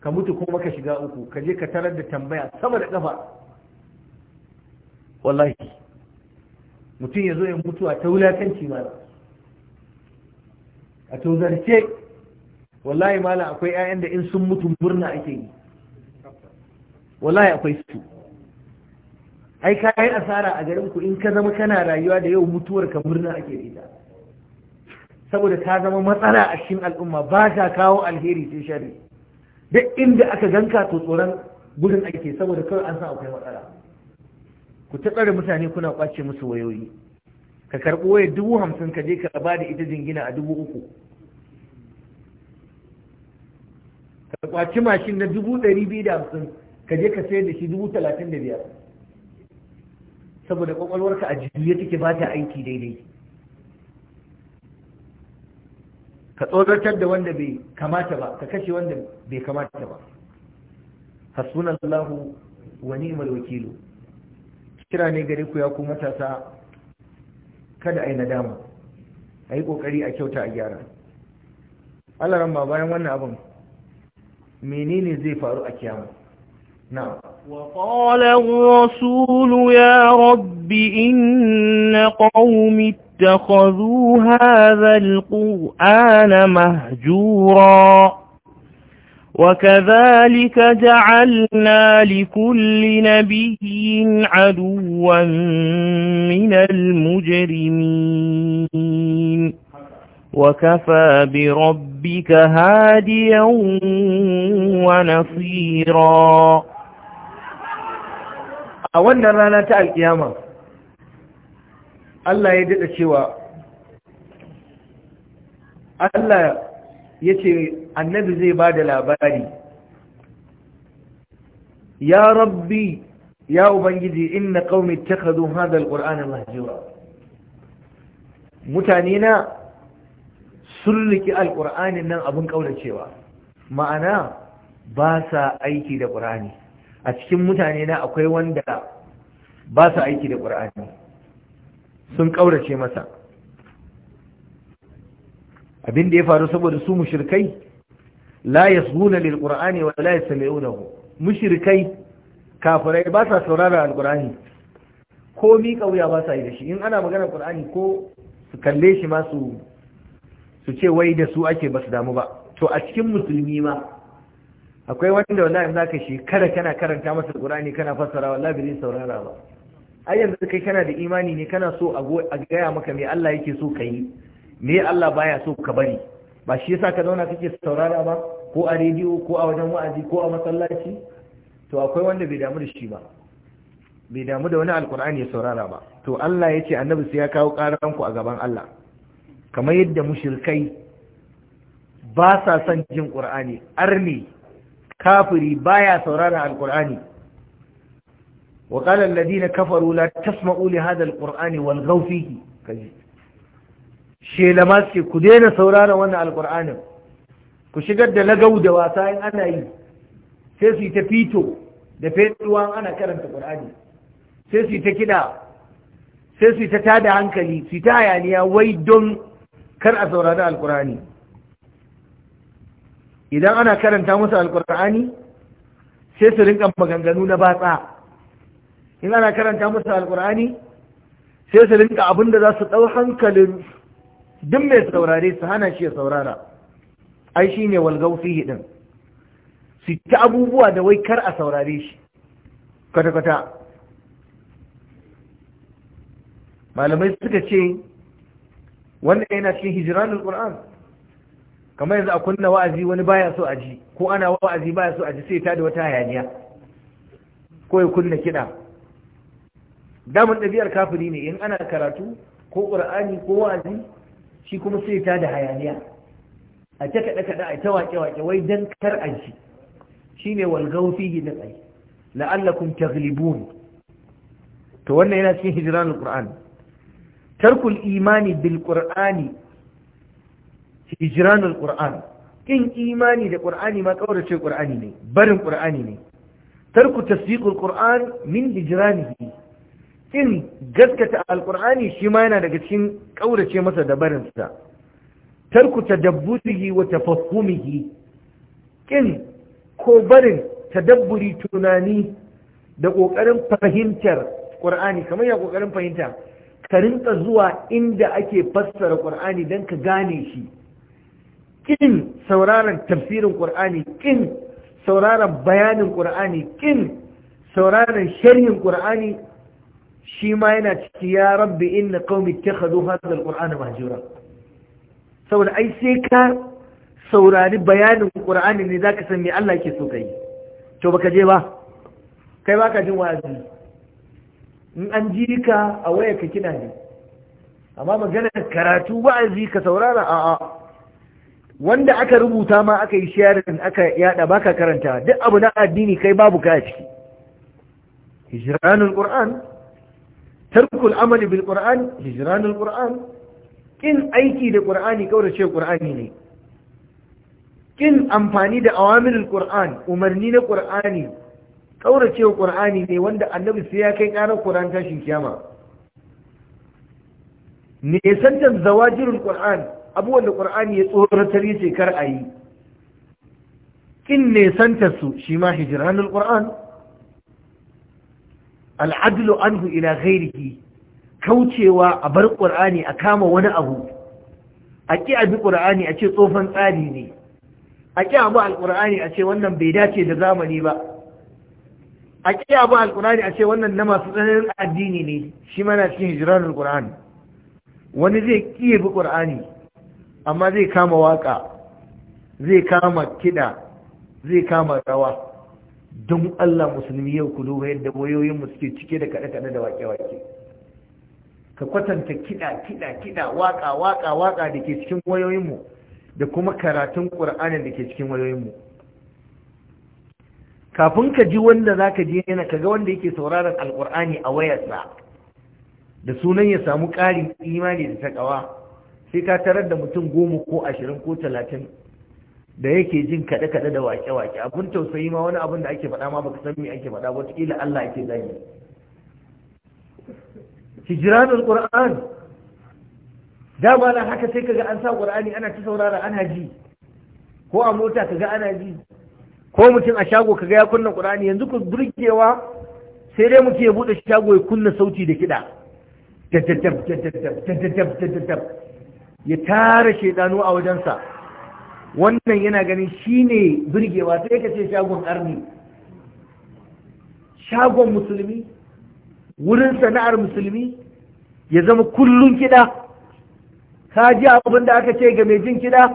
ka mutu kuma ka shiga uku ka je ka tarar da tambaya sama da kafa wallahi mutum ya zo ya mutu a ta wulakanci mala a tozarce wallahi mala akwai 'ya'yan da in sun mutu murna ake yi wallahi akwai su ai ka yi asara a garin ku in ka zama kana rayuwa da yau mutuwar ka murna ake ita saboda ta zama matsala a cikin al'umma ba ka kawo alheri sai shari'a duk inda aka ganka to tsoron gudun ake saboda kawai an san akwai matsala ku ta tsare mutane kuna kwace musu wayoyi ka karɓi waya dubu hamsin ka je ka ba da ita jingina a dubu uku ka kwaci mashin na dubu ɗari biyu da hamsin ka je ka sayar da shi dubu talatin da biyar saboda kwakwalwarka a ya take ba ta aiki daidai ka tsoratar da wanda bai kamata ba ka kashe wanda bai kamata ba hasbunallahu wa ni'mal wakilu kira ne gare ku ya ku matasa kada ai nadama ai kokari a kyauta a gyara Allah ran bayan wannan abin menene zai faru a kiyama na'am وقال الرسول يا رب إن قوم اتخذوا هذا القرآن مهجورا وكذلك جعلنا لكل نبي عدوا من المجرمين وكفى بربك هاديا ونصيرا a wannan rana ta alkiyama Allah ya daɗa cewa Allah ya ce annabi zai ba da labari ya rabbi ya ubangiji inna qaumi zo hadha alqur'ana mahjura mutane na sun riki Alƙur'ani nan abun ƙaunacewa ma'ana ba sa aiki da ƙur'ani. a cikin mutane na akwai wanda ba su aiki da ƙur'ani sun ƙaurace masa abin da ya faru saboda su mushrikai la yasbuna lil qur'ani wa la yastami'unahu mushrikai kafirai ba sa saurara alqur'ani ko mi kauya ba sa yi da shi in ana magana qur'ani ko su kalle shi ma su ce wai da su ake ba su damu ba to a cikin musulmi ma akwai wanda wallahi za ka shekara kana karanta masa qur'ani kana fassara wallahi bai saurara ba ai yanzu kai kana da imani ne kana so a gaya maka me Allah yake so ka yi me Allah baya so ka bari ba shi yasa ka zauna kake saurara ba ko a rediyo ko a wajen wa'azi ko a masallaci to akwai wanda bai damu da shi ba bai damu da wani alkur'ani ya saurara ba to Allah ya ce annabi sai ya kawo ku a gaban Allah kamar yadda mushrikai ba sa son jin qur'ani arni kafiri baya saurara alqur'ani wa qala alladhina kafaru la tasma'u li hadha alqur'ani wal ghaw kaji shelama ce ku daina saurara wannan alqur'anin ku shigar da lagau da wasa in ana yi sai su ta fito da fetuwa ana karanta qur'ani sai su ta kida sai su ta tada hankali su ta hayaniya wai don kar a saurari alkurani idan ana karanta musu alkur'ani sai su rinka maganganu na batsa in ana karanta musu alkur'ani sai su rinka abin da za su ɗau hankalin duk mai saurare su hana shi ya saurara ai shi ne walgaufi ɗin su ta abubuwa da wai kar a saurare shi kwata-kwata malamai suka ce wannan yana cikin hijiranin ƙur'an? kamar yanzu a kunna wa'azi wani baya so a ji ko ana wa'azi baya so a ji sai ta da wata hayaniya ko ya kunna kiɗa damun ɗabi'ar kafiri ne in ana karatu ko ƙur'ani ko wa'azi shi kuma sai ta da hayaniya a ta kaɗe kaɗe a ta waƙe waƙe wai dan kar a ji ne walgau fihi na tsaye la'allakum taghlibun to wannan yana cikin hijranul qur'an tarkul imani bil qur'ani hijranul qur'an kin imani da ƙur'ani ma kaurace ƙur'ani ne barin ƙur'ani ne tarku tasdiqul ƙur'an min hijranihi kin gaskata alƙur'ani shi ma yana daga cikin kaurace masa da barin sa tarku tadabburihi wa tafahhumihi kin ko barin tadabburi tunani da ƙoƙarin fahimtar ƙur'ani kamar ya ƙoƙarin fahimta ka rinka zuwa inda ake fassara ƙur'ani don ka gane shi kin sauraron tafsirin qur'ani kin sauraron bayanin qur'ani kin sauraron sharhin qur'ani shi ma yana ciki ya rabbi inna qaumi ittakhadhu hadha alqur'ana mahjura saboda ai sai ka saurari bayanin qur'ani ne zaka san me Allah yake so kai to baka je ba kai baka jin wa'azi in an ji ka a waya ka kina ne amma magana karatu wa'azi ka saurara a'a wanda aka rubuta ma aka yi sharing aka yada baka karanta duk abu na addini kai babu ka a ciki hijranul qur'an tarkul amali bil qur'an hijranul qur'an kin aiki da qur'ani ce qur'ani ne kin amfani da awamilul qur'an umarni na qur'ani ce qur'ani ne wanda annabi sai ya kai karar qur'an tashin kiyama ne santan zawajirul qur'an abubuwan da ƙur'ani ya tsoratar ya ce kar a yi in santa su shi ma hijiranin ƙur'an al'adlu anhu ila ghairihi kaucewa a bar ƙur'ani a kama wani abu a ƙi a bi ƙur'ani a ce tsofan tsari ne a ƙi abu alƙur'ani a ce wannan bai dace da zamani ba a ƙi abu alƙur'ani a ce wannan na masu tsananin addini ne shi mana cikin hijiranin ƙur'ani wani zai ƙi bi ƙur'ani amma zai kama waka zai kama kiɗa zai kama rawa don Allah musulmi yau ku duba yadda wayoyinmu suke cike da kaɗe-kaɗe da wake-wake ka kwatanta kiɗa kiɗa kiɗa waka waka waka da ke cikin wayoyinmu da kuma karatun ƙur'anin da ke cikin wayoyinmu kafin ka ji wanda za ka ji yana kaga wanda yake sauraron alƙur'ani a wayarsa da sunan ya samu ƙarin imani da takawa sai ka tarar da mutum goma ko ashirin ko talatin da yake jin kaɗe-kaɗe da waƙe-waƙe abin tausayi ma wani abin da ake faɗa ma baka san me ake faɗa wataƙila Allah ake zagi hijranul qur'an dama na haka sai kaga an sa qur'ani ana ta saurara ana ji ko a mota kaga ana ji ko mutum a shago kaga ya kunna qur'ani yanzu ku burgewa sai dai muke buɗe shago ya kunna sauti da kiɗa tattattab tattattab tattattab ya tara shaidanu a wajensa wannan yana ganin shi ne birgewa sai ka ce shagon arni shagon musulmi wurin sana'ar musulmi ya zama kullum kiɗa ka ji abin da aka ce ga mai jin kiɗa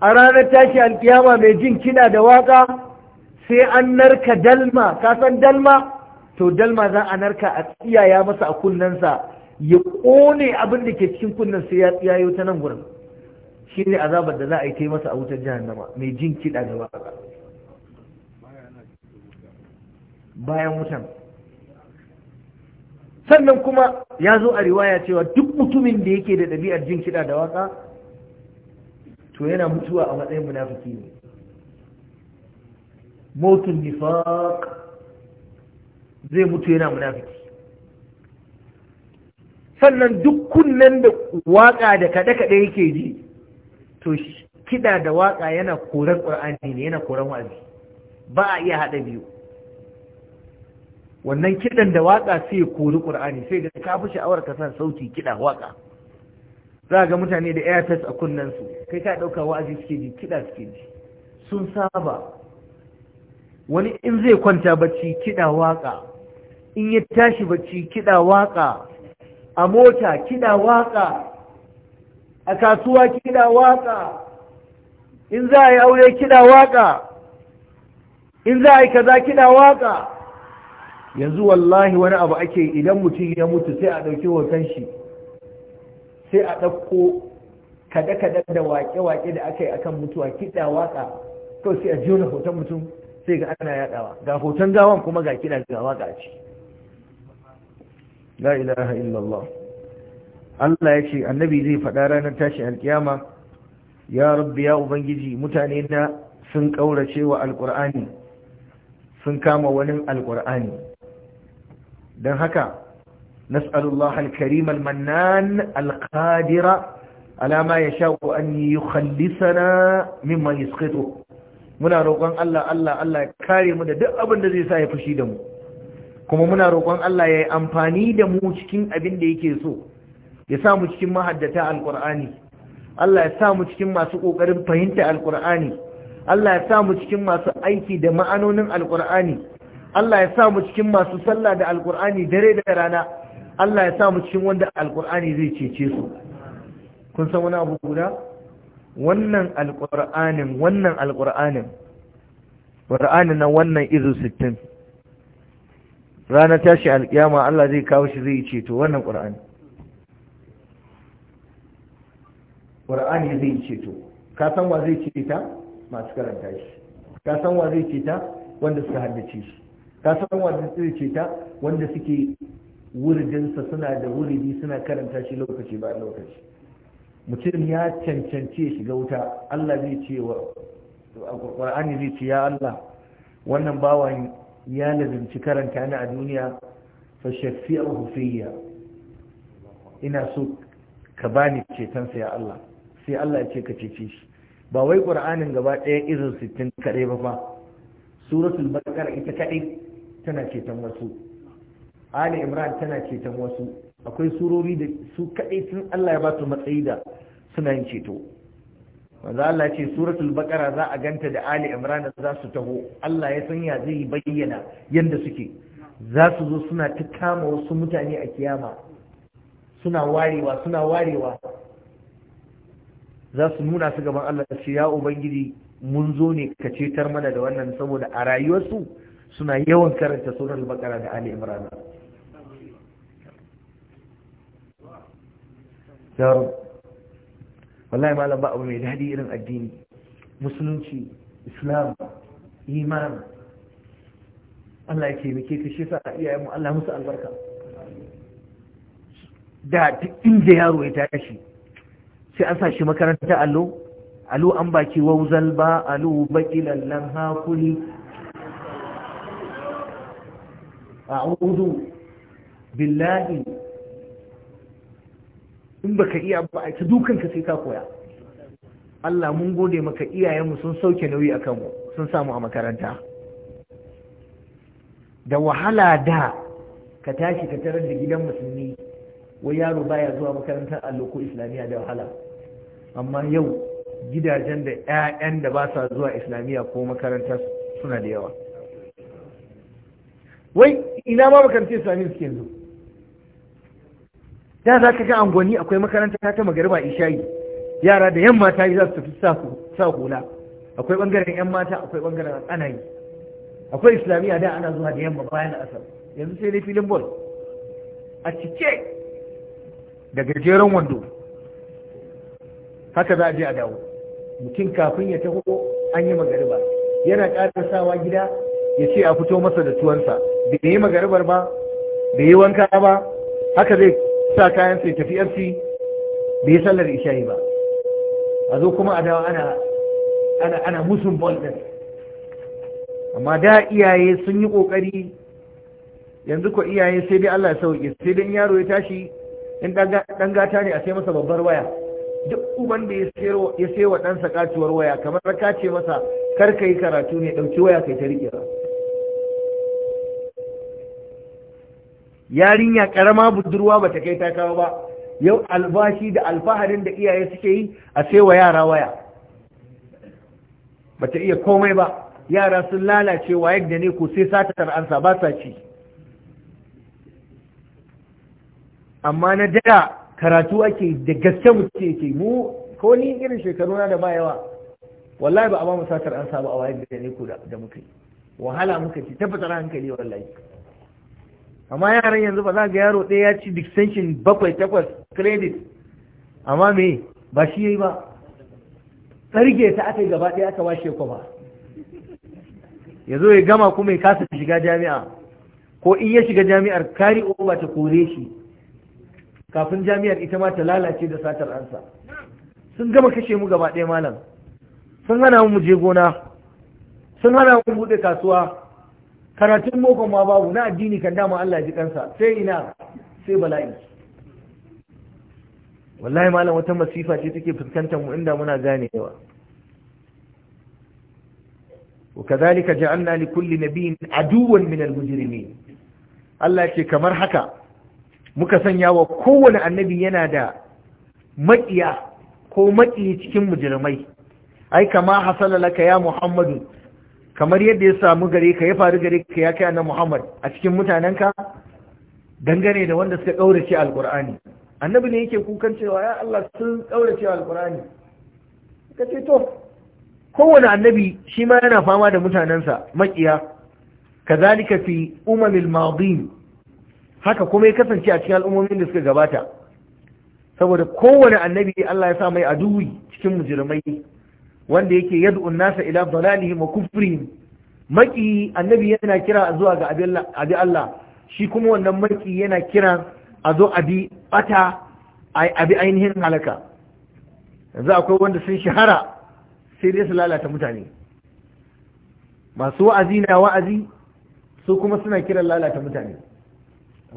a ranar tashi alkiyama mai jin kiɗa da waka sai an narka dalma ka dalma to dalma za a narka a tsiyaya masa a kunnensa ya ƙone abin da ke cikin kunnen sai ya tsiyayo ta nan gurin shi ne azabar da za a yi ta masa a wutar jahannama mai jin kiɗa da ba bayan wutan sannan kuma ya zo a riwaya cewa duk mutumin da yake da ɗabi'ar jin kiɗa da waka to yana mutuwa a matsayin munafiki ne motun nifaq zai mutu yana munafiki sannan duk kunnen da waƙa da kaɗe-kaɗe yake ji to kiɗa da waƙa yana koren ƙur'ani ne yana koren wa'azi ba a iya haɗa biyu wannan kiɗan da waƙa sai ya kori ƙur'ani sai da ka fi sha'awar ka san sauti kiɗa waƙa za ga mutane da airtas a kunnen su kai ka ɗauka wa'azi suke ji kiɗa suke ji sun saba wani in zai kwanta bacci kiɗa waƙa in ya tashi bacci kiɗa waƙa a mota kina waka a kasuwa kina waka in za a yi aure kina waka in za a yi kaza kina waka yanzu wallahi wani abu ake idan mutum ya mutu sai a ɗauki hoton shi sai a ɗauko kada-kada da wake-wake da aka yi akan mutuwa kiɗa waka to sai a jiyo hoton mutum sai ga ana yaɗawa ga hoton gawan kuma ga kiɗa ga waka ce. la ilaha illallah Allah ya ce annabi zai faɗa ranar tashi alkiyama ya rabbi ya ubangiji mutane na sun ƙaurace wa alƙur'ani sun kama wani alƙur'ani don haka nas'alullah alkarim almannan alqadira ala ma yasha'u an yukhallisana mimma yasqitu muna roƙon Allah Allah Allah ya kare mu da duk abin da zai sa ya fushi da mu kuma muna roƙon Allah ya yi amfani da mu cikin abin da yake so ya sa mu cikin mahaddata alƙur'ani Allah ya sa mu cikin masu ƙoƙarin fahimta alƙur'ani Allah ya sa mu cikin masu aiki da ma'anonin alƙur'ani Allah ya sa mu cikin masu sallah da alƙur'ani dare da rana Allah ya sa mu cikin wanda alƙur'ani zai cece su kun san wani abu guda wannan alƙur'anin wannan alƙur'anin ƙur'anin na wannan izu sittin. ranar tashi alƙiyama Allah zai kawo shi zai ce to wannan ƙur'ani ƙur'ani zai ce to ka san wa zai ce ta masu karanta shi ka san wa zai ce ta wanda suka haddace shi ka san wa zai ce ta wanda suke wuridinsa suna da wuridi suna karanta shi lokaci bayan lokaci mutum ya cancance shiga wuta Allah zai ce wa ƙur'ani zai ce ya Allah wannan bawan ya lazimci karanta ni a duniya fa shafi'ahu fiyya ina so ka bani ceton sai ya Allah sai Allah ya ce ka cece shi ba wai qur'anin gaba ɗaya irin kaɗai kare ba fa suratul baqara ita kadai tana ceton wasu ali imran tana ceton wasu akwai surori da su kadai tun Allah ya ba su matsayi da suna yin ceto manzo Allah ce suratul baqara za a ganta da ali imran za su taho Allah ya san ya zai bayyana yanda suke za su zo suna ta kama wasu mutane a kiyama suna warewa suna warewa za su nuna su gaban Allah ce ya ubangiji mun zo ne ka cetar mana da wannan saboda a rayuwarsu suna yawan karanta suratul baqara da ali imran wallahi malam ba abu mai daɗi irin addini musulunci islam Iman. Allah ya taimake ka shi sa iyayenmu Allah musu albarka da duk inda yaro ya tashi sai an sa shi makaranta allo allo an baki wauzal ba allo baki lallan hakuri a'udhu billahi in baka iya ba a ta dukan ka sai ka koya Allah mun gode maka iyayen mu sun sauke nauyi a kanmu sun samu a makaranta da wahala da ka tashi ka tarar da gidan musulmi wai yaro baya zuwa makarantar alloko islamiyya da wahala amma yau gidajen da 'ya'yan da ba sa zuwa islamiyya ko makaranta suna da yawa wai ina ma makarantar islamiya suke yanzu da za ka ga angoni akwai makaranta ta magariba ishayi yara da yamma ta yi za su tafi sa hula akwai bangaren yan mata akwai bangaren ana akwai islamiyya da ana zuwa da yamma bayan asar yanzu sai dai filin bol a cike da gajeren wando haka za a je a dawo mutum kafin ya taho an yi magariba yana ƙarasawa gida ya ce a fito masa da tuwansa da yi magaribar ba da yi wanka ba haka zai sa kayan sai tafi bai sallar isha'i ba a zo kuma a dawa ana musun bol amma da iyaye sun yi kokari yanzu ko iyaye sai dai Allah ya sauke sai dai yaro ya tashi in dan gata ne a sai masa babbar waya duk uban da ya sayo wa ɗansa katuwar waya kamar ka ce masa kar ka yi karatu ne ɗauki waya kai ta riƙe ba. yarinya karama budurwa bata kai ta kawo ba yau albashi da alfaharin da iyaye suke yi a sewa yara waya bata iya komai ba yara sun lalace wa yadda ne ko sai satar ansa ba sa ci amma na da karatu ake da gaske mutum yake mu ko ni irin shekaru na da ba yawa wallahi ba a ba mu satar ansa ba a wayar da ne ko da muka yi wahala muka ci tabbatar hankali wallahi amma yaran yanzu ba za ga yaro ɗaya ya ci distinction bakwai takwas credit amma me ba shi yayi ba tsarge ta aka yi gaba ɗaya aka washe ba. ya zo ya gama kuma ya kasa shiga jami'a ko in ya shiga jami'ar kari ba ta kore shi kafin jami'ar ita ma ta lalace da satar ansa sun gama kashe mu gaba ɗaya malam sun hana mu je gona sun hana mu buɗe kasuwa karatun mokon ma babu na addini kan dama Allah ji kansa sai ina sai bala'i wallahi malam wata masifa ce take fuskantar mu inda muna gane ganewa وكذلك جعلنا لكل نبي عدوا من المجرمين Allah ce kamar haka muka sanya wa kowane annabi yana da maƙiya ko maƙiyi cikin mujrimai ai kama hasala laka ya Muhammadu kamar yadda ya samu gare ka ya faru gare ka ya kai annabi Muhammad a cikin mutanenka dangane da wanda suka kaurace alqur'ani annabi ne yake kukan cewa ya Allah sun kaurace alqur'ani ce to kowane annabi shi ma yana fama da mutanensa makiya kazalika fi umamil madin haka kuma ya kasance a cikin al'ummomin da suka gabata saboda kowane annabi Allah ya sa mai aduwi cikin mujrimai wanda yake yad'un nasa ila dalalihim wa kufrihim maki annabi yana kira zuwa ga abi Allah shi kuma wannan maki yana kira a zo abi bata abi ainihin halaka yanzu akwai wanda sun shahara sai dai su lalata mutane masu wa'azi na wa'azi su kuma suna kiran lalata mutane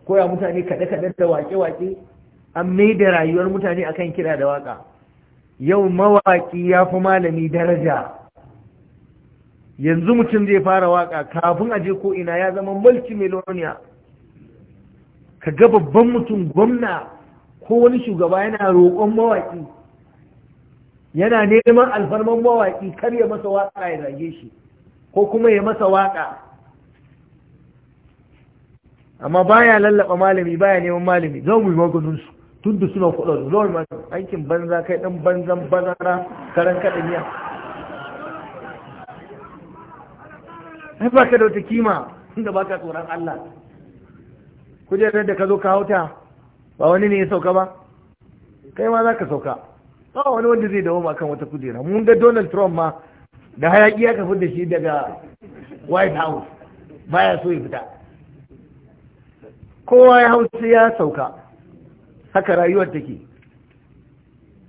koya mutane kaɗe-kaɗe da wake-wake an mai da rayuwar mutane akan kira da waƙa. yau mawaƙi ya fi malami daraja yanzu mutum zai fara waƙa kafin aje ko ina ya zama miliyoniya. ka ga babban mutum gwamna ko wani shugaba yana roƙon mawaƙi yana neman alfarman mawaƙi kar ya masa waƙa ya zage shi ko kuma ya masa waƙa amma baya lallaba malami baya neman malami zan mu yi maganinsu tun da suna kudin lori ma aikin banza kai dan banzan banana karan kaɗin ya ai ba ka da wata kima inda ba ka tsoron Allah kujerar da ka zo ka hauta ba wani ne ya sauka ba kai ma za ka sauka ba wani wanda zai dawo kan wata kujera mun ga Donald Trump ma da hayaki ya kafu da shi daga White House baya so ya fita kowa ya hausa ya sauka haka rayuwar take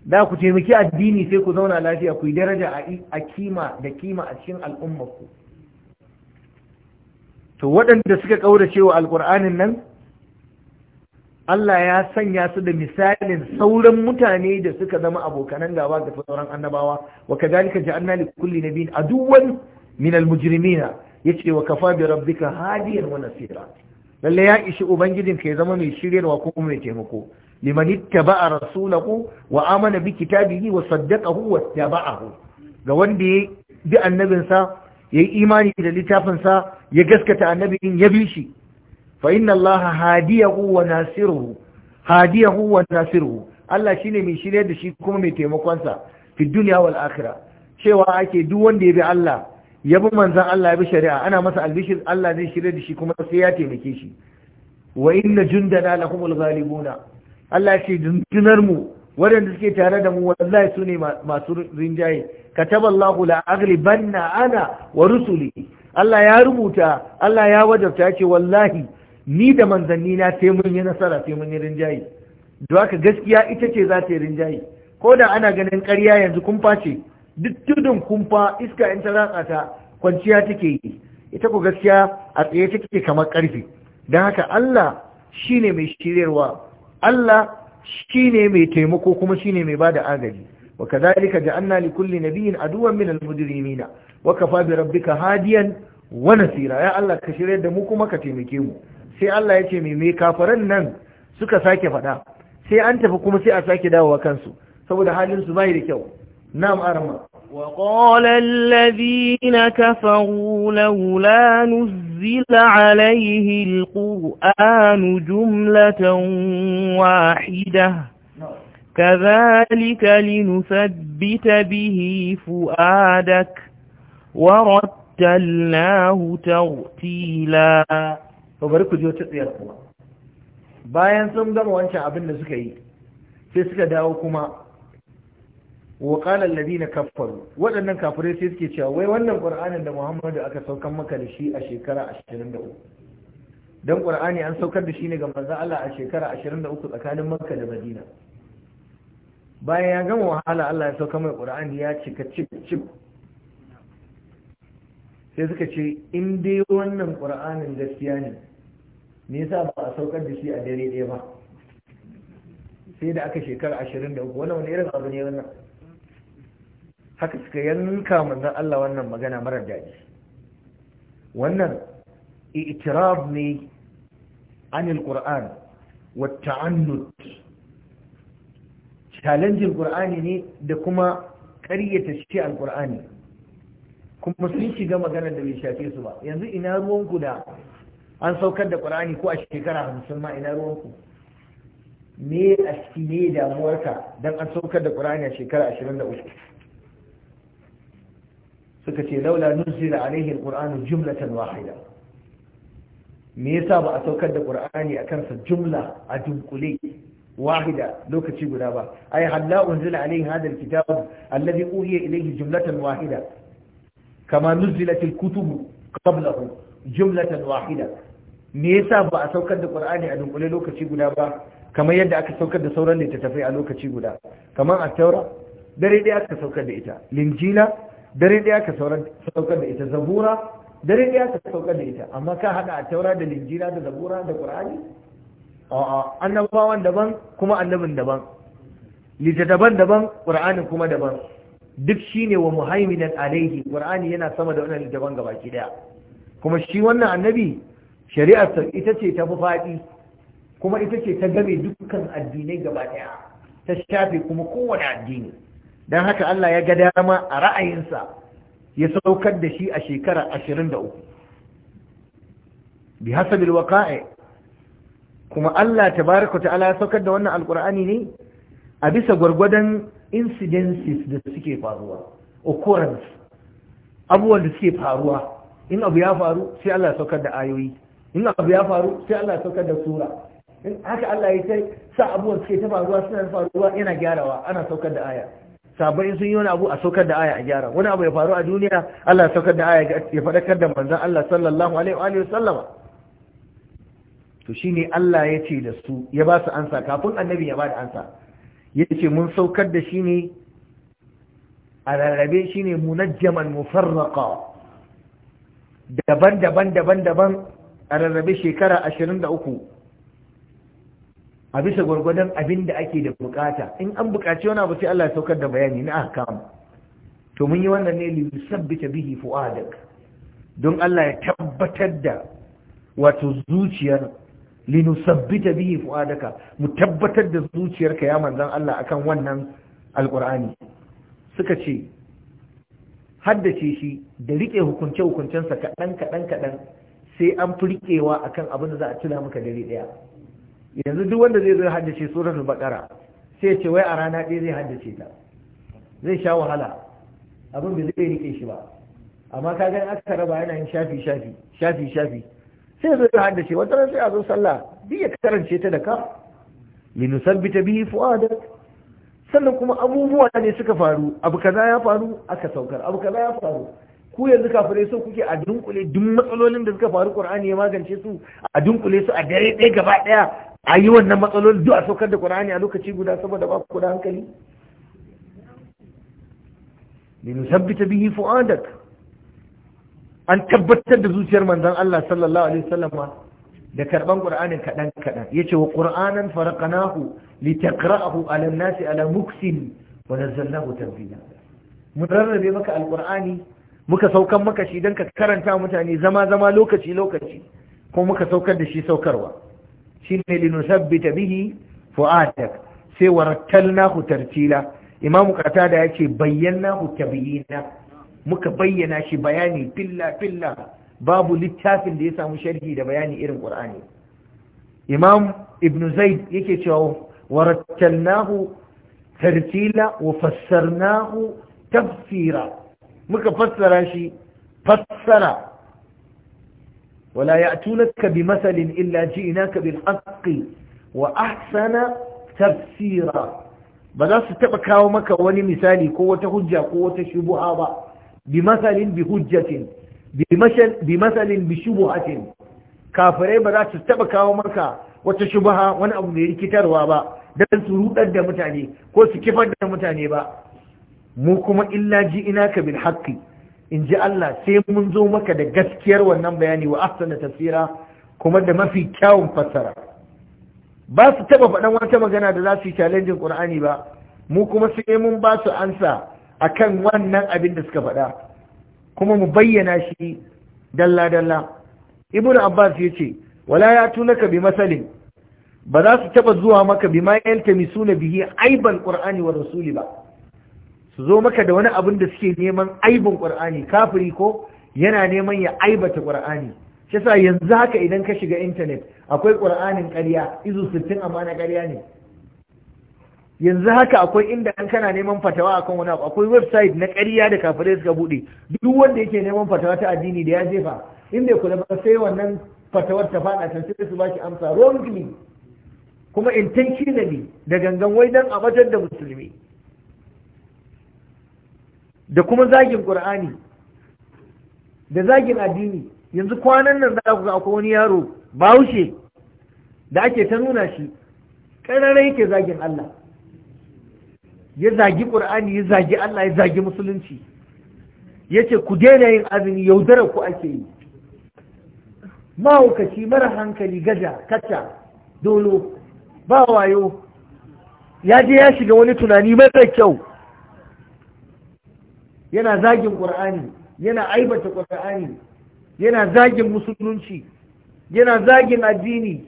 da ku taimaki addini sai ku zauna lafiya ku yi daraja a kima da kima a cikin al'ummarku to waɗanda suka ƙaurace wa alƙur'anin nan Allah ya sanya su da misalin sauran mutane da suka zama abokanan gaba da sauran annabawa wa kadalika ja'alna li kulli nabiyyin aduwwan min al-mujrimina yace wa kafa bi rabbika hadiyan wa nasira lalle ya ishi Ubangijin ya zama mai shiryarwa kuma mai taimako liman ittaba'a rasulahu wa amana bi kitabihi wa saddaqahu wa ittaba'ahu ga wanda ya bi annabinsa ya yi imani da littafinsa ya gaskata annabin ya bi shi fa inna Allah hadiyahu wa nasiruhu hadiyahu wa nasiruhu Allah shine mai shirye da shi kuma mai taimakonsa fi dunya wal akhirah cewa ake duk wanda ya bi Allah ya bi manzon Allah ya bi shari'a ana masa albishir Allah zai shirye da shi kuma sai ya taimake shi wa inna jundana lahumul ghalibuna Allah ya ce dundunar mu waɗanda suke tare da mu wallahi su ne masu rinjaye Allahu! la aghlibanna ana wa rusuli Allah ya rubuta Allah ya wajabta ce wallahi ni da manzanni na sai mun yi nasara sai mun yi rinjaye don haka gaskiya ita ce za ta yi rinjaye ko da ana ganin ƙarya yanzu kumfa ce duk tudun kumfa iska in ta ratsa ta kwanciya take yi ita ku gaskiya a tsaye take kamar ƙarfe don haka Allah shine mai shiryarwa Allah shi ne mai taimako kuma shi ne mai bada agaji wa ka zalika ji kulli nabiyyin aduwwan min al mudirimina wa kafa bi rabbika hadiyan wa nasira ya Allah ka shirya da mu kuma ka taimake mu sai Allah ya ce me mai kafaran nan suka sake faɗa sai an tafi kuma sai a sake dawowa kansu saboda halin su bai da kyau na arama وقال الذين كفروا لولا نزل عليه القرآن جملة واحدة كذلك لنثبت به فؤادك ورتلناه ترتيلا فبركوا جوة تطير باين سمدر وانشا عبن سكي في سكداو كما wa qala alladhina kafaru waɗannan kafirai sai suke cewa wai wannan qur'anin da Muhammadu aka saukar maka da shi a shekara 23 dan qur'ani an saukar da shi ne ga manzon Allah a shekara 23 tsakanin Makka da Madina bayan ya gama wahala Allah ya saukar mai qur'ani ya cika cik cik sai suka ce in dai wannan qur'anin gaskiya ne me yasa ba a saukar da shi a dare ɗaya ba sai da aka shekara 23 wannan wani irin abu ne wannan haka suka yanka manzon Allah wannan magana marar daɗi wannan i'tirab ne an ƙur'ani wa ta'annud challenge alqurani ne da kuma ƙaryata shi al kuma sun shiga magana da bai shafe su ba yanzu ina ruwanku da an saukar da ƙur'ani ko a shekara hamsin ma ina ruwanku me a ne damuwarka don an saukar da ƙur'ani a shekara ashirin suka ce laula nuzila alaihi alqur'anu jumlatan wahida me yasa ba a saukar da qur'ani akan sa jumla a dunkule wahida lokaci guda ba ay halla unzila alaihi hadha alkitab alladhi uhiya ilayhi jumlatan wahida kama nuzilat alkutub qablahu jumlatan wahida me yasa ba a saukar da qur'ani a dunkule lokaci guda ba kamar yadda aka saukar da sauran littattafai a lokaci guda kamar a taura dare ɗaya aka saukar da ita linjila dare ɗaya ka saukar da ita zabura dare ɗaya ka saukar da ita amma ka haɗa a taura da linjira da zabura da ƙur'ani a'a annabawan daban kuma annabin daban littattafan daban ƙur'ani kuma daban duk shine wa muhaiminan alaihi ƙur'ani yana sama da wannan littattafan gabaki ɗaya kuma shi wannan annabi shari'arsa ita ce ta fi faɗi kuma ita ce ta game dukkan addinai gaba ɗaya ta shafe kuma kowane addini don haka Allah ya ga dama a ra'ayinsa ya saukar da shi a shekara ashirin da uku bi hasabil waqa'i kuma Allah baraka ta'ala ya saukar da wannan alqur'ani ne a bisa gwargwadon incidences da suke faruwa occurrence abubuwan da suke faruwa in abu ya faru sai Allah ya saukar da ayoyi in abu ya faru sai Allah ya saukar da sura in haka Allah ya sai sa abubuwan suke ta faruwa suna faruwa yana gyarawa ana saukar da aya sabai sun yi wani abu a saukar da aya a gyara wani abu ya faru a duniya Allah ya saukar da aya ya faɗakar da manzon Allah sallallahu alaihi wa sallama to shine Allah ya ce da su ya ba su ansa kafin annabi ya ba da ansa ya ce mun saukar da shi ne a rarrabe shi ne munajjaman mufarraqa daban daban daban daban a rarrabe shekara ashirin da uku a bisa gwargwadon abin da ake da bukata in an bukaci wani abu sai Allah ya saukar da bayani na ahkam to mun yi wannan ne li sabbita bihi fuadak don Allah ya tabbatar da wato zuciyar li sabbita bihi fuadaka mu tabbatar da zuciyarka ya manzan Allah akan wannan alqur'ani suka ce haddace shi da rike hukunce hukuncensa kaɗan kaɗan kaɗan sai an fi riƙewa akan abin da za a tuna maka dare ɗaya yanzu duk wanda zai zo haddace suratul baqara sai ce wai a rana ɗaya zai haddace ta zai sha wahala abin da zai rike shi ba amma ka ga aka raba yana yin shafi shafi shafi shafi sai zo ya haddace wata ran sai a zo sallah bi ya karance ta da ka linusabbita bihi fuada sannan kuma abubuwa ne suka faru abu kaza ya faru aka saukar abu kaza ya faru ku yanzu kafirai so kuke a dunkule duk matsalolin da suka faru Qur'ani ya magance su a dunkule su a dare ɗaya gaba ɗaya a yi wannan matsaloli duk a saukar da ƙura'ani a lokaci guda saboda ba ku da hankali sabbita bihi fu'adak an tabbatar da zuciyar manzon Allah sallallahu alaihi wasallama da karban qur'anin kadan kadan yace wa qur'anan faraqnahu litaqra'ahu 'ala an-nasi 'ala muksin wa nazzalnahu tanzila mun rarrabe maka Alƙur'ani muka saukan maka shi dan ka karanta mutane zama zama lokaci lokaci ko muka saukar da shi saukarwa shine linusabbita bihi fu'adak sai Nahu tartila imamu qatada yace bayyanahu tabyina muka bayyana shi bayani filla filla babu littafin da ya samu sharhi da bayani irin qur'ani imam ibn zaid yake cewa warattalnahu tartila wa fassarnahu tafsira muka fassara shi fassara ولا يأتونك بمثل إلا جئناك بالحق وأحسن تفسيرا بذا ستبكى ومكى ولي مثالي قوة حجة قوة شبهة بمثل بحجة بمثل بشبهة كافرين بذا ستبكى ومكى وتشبهة وانا أبني الكتر وابا dan su rudar da mutane ko su kifar da mutane ba mu kuma illa ji ina ka bil haqqi in ji Allah sai mun zo maka da gaskiyar wannan bayani wa da tafsira kuma da mafi kyawun fassara ba su taba faɗan wata magana da za su yi challenging Qur'ani ba mu kuma sai mun ba su ansa akan wannan abin da suka faɗa kuma mu bayyana shi dalla dalla Ibn Abbas ya ce, wala ya tunaka bi masalin ba za su taba zuwa maka bi ma misuna bihi aiban Qur'ani wa rasuli ba su zo maka da wani abin da suke neman aibin ƙur'ani kafiri ko yana neman ya aibata ƙur'ani shi sa yanzu haka idan ka shiga intanet akwai ƙur'anin ƙarya izu sittin amma na ƙarya ne yanzu haka akwai inda an kana neman fatawa akan wani abu akwai website na ƙarya da kafirai suka buɗe duk wanda yake neman fatawa ta addini da ya jefa inda ku kula ba sai wannan fatawar ta faɗa can sai su ba amsa wrongly kuma intentionally da gangan wai dan a da musulmi da kuma zagin ƙur'ani da zagin addini yanzu kwanan nan za ku ga akwai wani yaro bahaushe da ake ta nuna shi ƙararrai yake zagin Allah ya zagi ƙur'ani ya zagi Allah ya zagi musulunci ya ce ku daina yin azumi yaudara ku ake yi mahaukaci mara hankali gaja kacca dolo ba wayo ya je ya shiga wani tunani mara kyau yana zagin ƙur'ani, yana aibata ƙur'ani, yana zagin musulunci yana zagin addini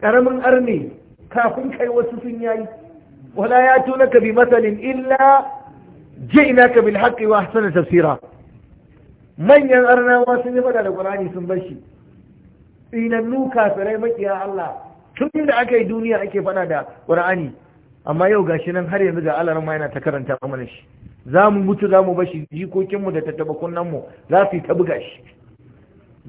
Ƙaramin arne kafin kai wasu sun yayi wala ya tunaka bi masalin illa ji'naka bil haqqi wa ahsana tafsira manyan arnawa sun yi fada da ƙur'ani sun bar shi tsinannu kafirai makiya Allah tun da aka yi duniya ake faɗa da ƙur'ani. amma yau gashi nan har yanzu ga alaran ma yana ta karanta mana shi za mu mutu za mu bashi jikokinmu da tattaba kunnanmu za su yi ta buga shi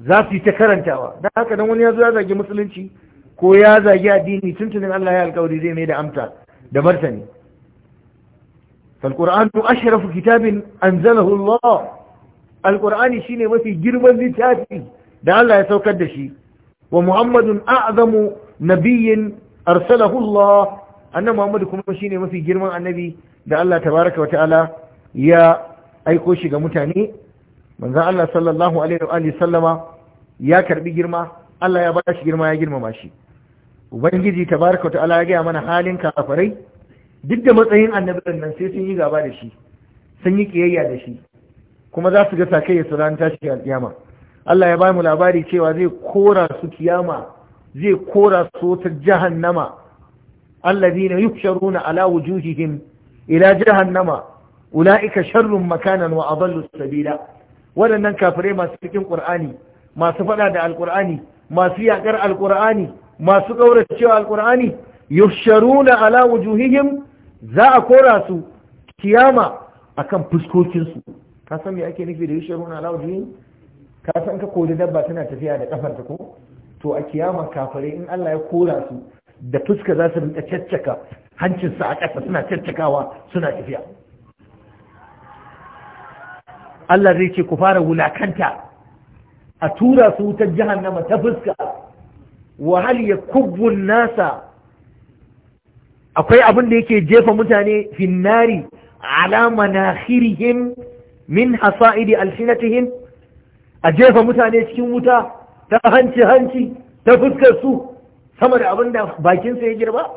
za su yi ta karantawa don haka nan wani ya zo ya zagi musulunci ko ya zagi addini tuntunin Allah ya alkawari zai mai da amsa da martani فالقرآن أشرف كتاب أنزله الله girman شيني وفي Allah ya ده الله shi. شي ومحمد أعظم نبي أرسله الله annabi Muhammadu kuma shine mafi girman annabi da Allah tabaraka wa ta'ala ya aiko shi ga mutane manzon Allah sallallahu alaihi wa sallama ya karbi girma Allah ya ba shi girma ya girmama shi ubangiji tabaraka wa ta'ala ya gaya mana halin kafarai duk da matsayin annabin nan sai sun yi gaba da shi sun yi kiyayya da shi kuma za su ga kai su ran tashi alkiyama Allah ya ba mu labari cewa zai kora su kiyama zai kora su ta jahannama alladhina yuksharuna ala wujuhihim ila jahannama ulaika sharrun makanan wa adallu sabila waɗannan kafirai masu cikin Kur'ani, masu faɗa da alqur'ani masu yakar alqur'ani masu kauracewa alqur'ani yuksharuna ala wujuhihim za a kora su kiyama akan fuskokinsu ka san me ake nufi da yushiruna ala wujuhihim ka san ka kori dabba tana tafiya da kafarta ko to a kiyama kafare in Allah ya kora su da fuska za su rinka caccaka hancinsa a ƙasa suna caccakawa suna tafiya Allah zai ce ku fara wulakanta a tura su wutar jahannama ta fuska wahal ya kubbun nasa akwai abin da yake jefa mutane finnari na hirihim min hasa'idi alsinatihim a jefa mutane cikin wuta ta hanci hanci ta fuskar su sama da abin da bakinsa ya girba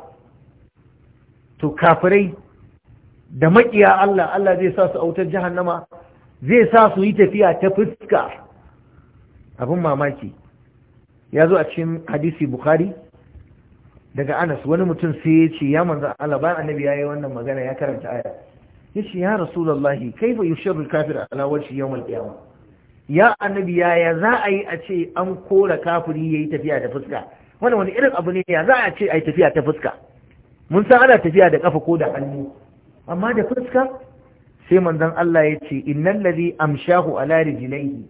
to kafirai da maƙiya Allah Allah zai sa su autar jahannama zai sa su yi tafiya ta fuska abin mamaki ya zo a cikin hadisi bukhari daga anas wani mutum sai ya ce ya manzan Allah bayan annabi ya yi wannan magana ya karanta aya ya ce ya rasulallahi kaifa yushirru kafir ala wajhi yawmal qiyamah ya annabi ya za a yi a ce an kora kafiri yayi tafiya da fuska wani wani irin abu ne ya za a ce a yi tafiya ta fuska mun san ana tafiya da kafa ko da hannu amma da fuska sai manzon Allah ya ce innal ladhi amshahu ala rijlaihi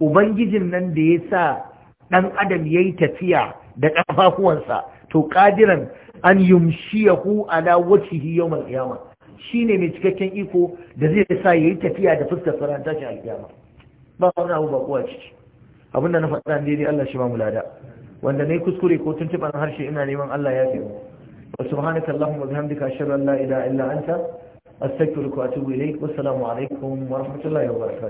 ubangijin nan da ya sa ɗan adam yayi tafiya da kafafuwansa to ƙadiran an ku ala wajhihi yawm al-qiyamah shine mai cikakken iko da zai sa yayi tafiya da fuskar sa tashi al ba wani abu ba kowa ciki abinda na faɗa ne Allah shi ba mu lada wanda ne kuskure ko tuntuban harshe ina neman Allah ya fi wa subhanaka allahumma bihamdika ashhadu an la ilaha illa anta astaghfiruka wa atubu ilayk wassalamu alaikum wa rahmatullahi wa barakatuh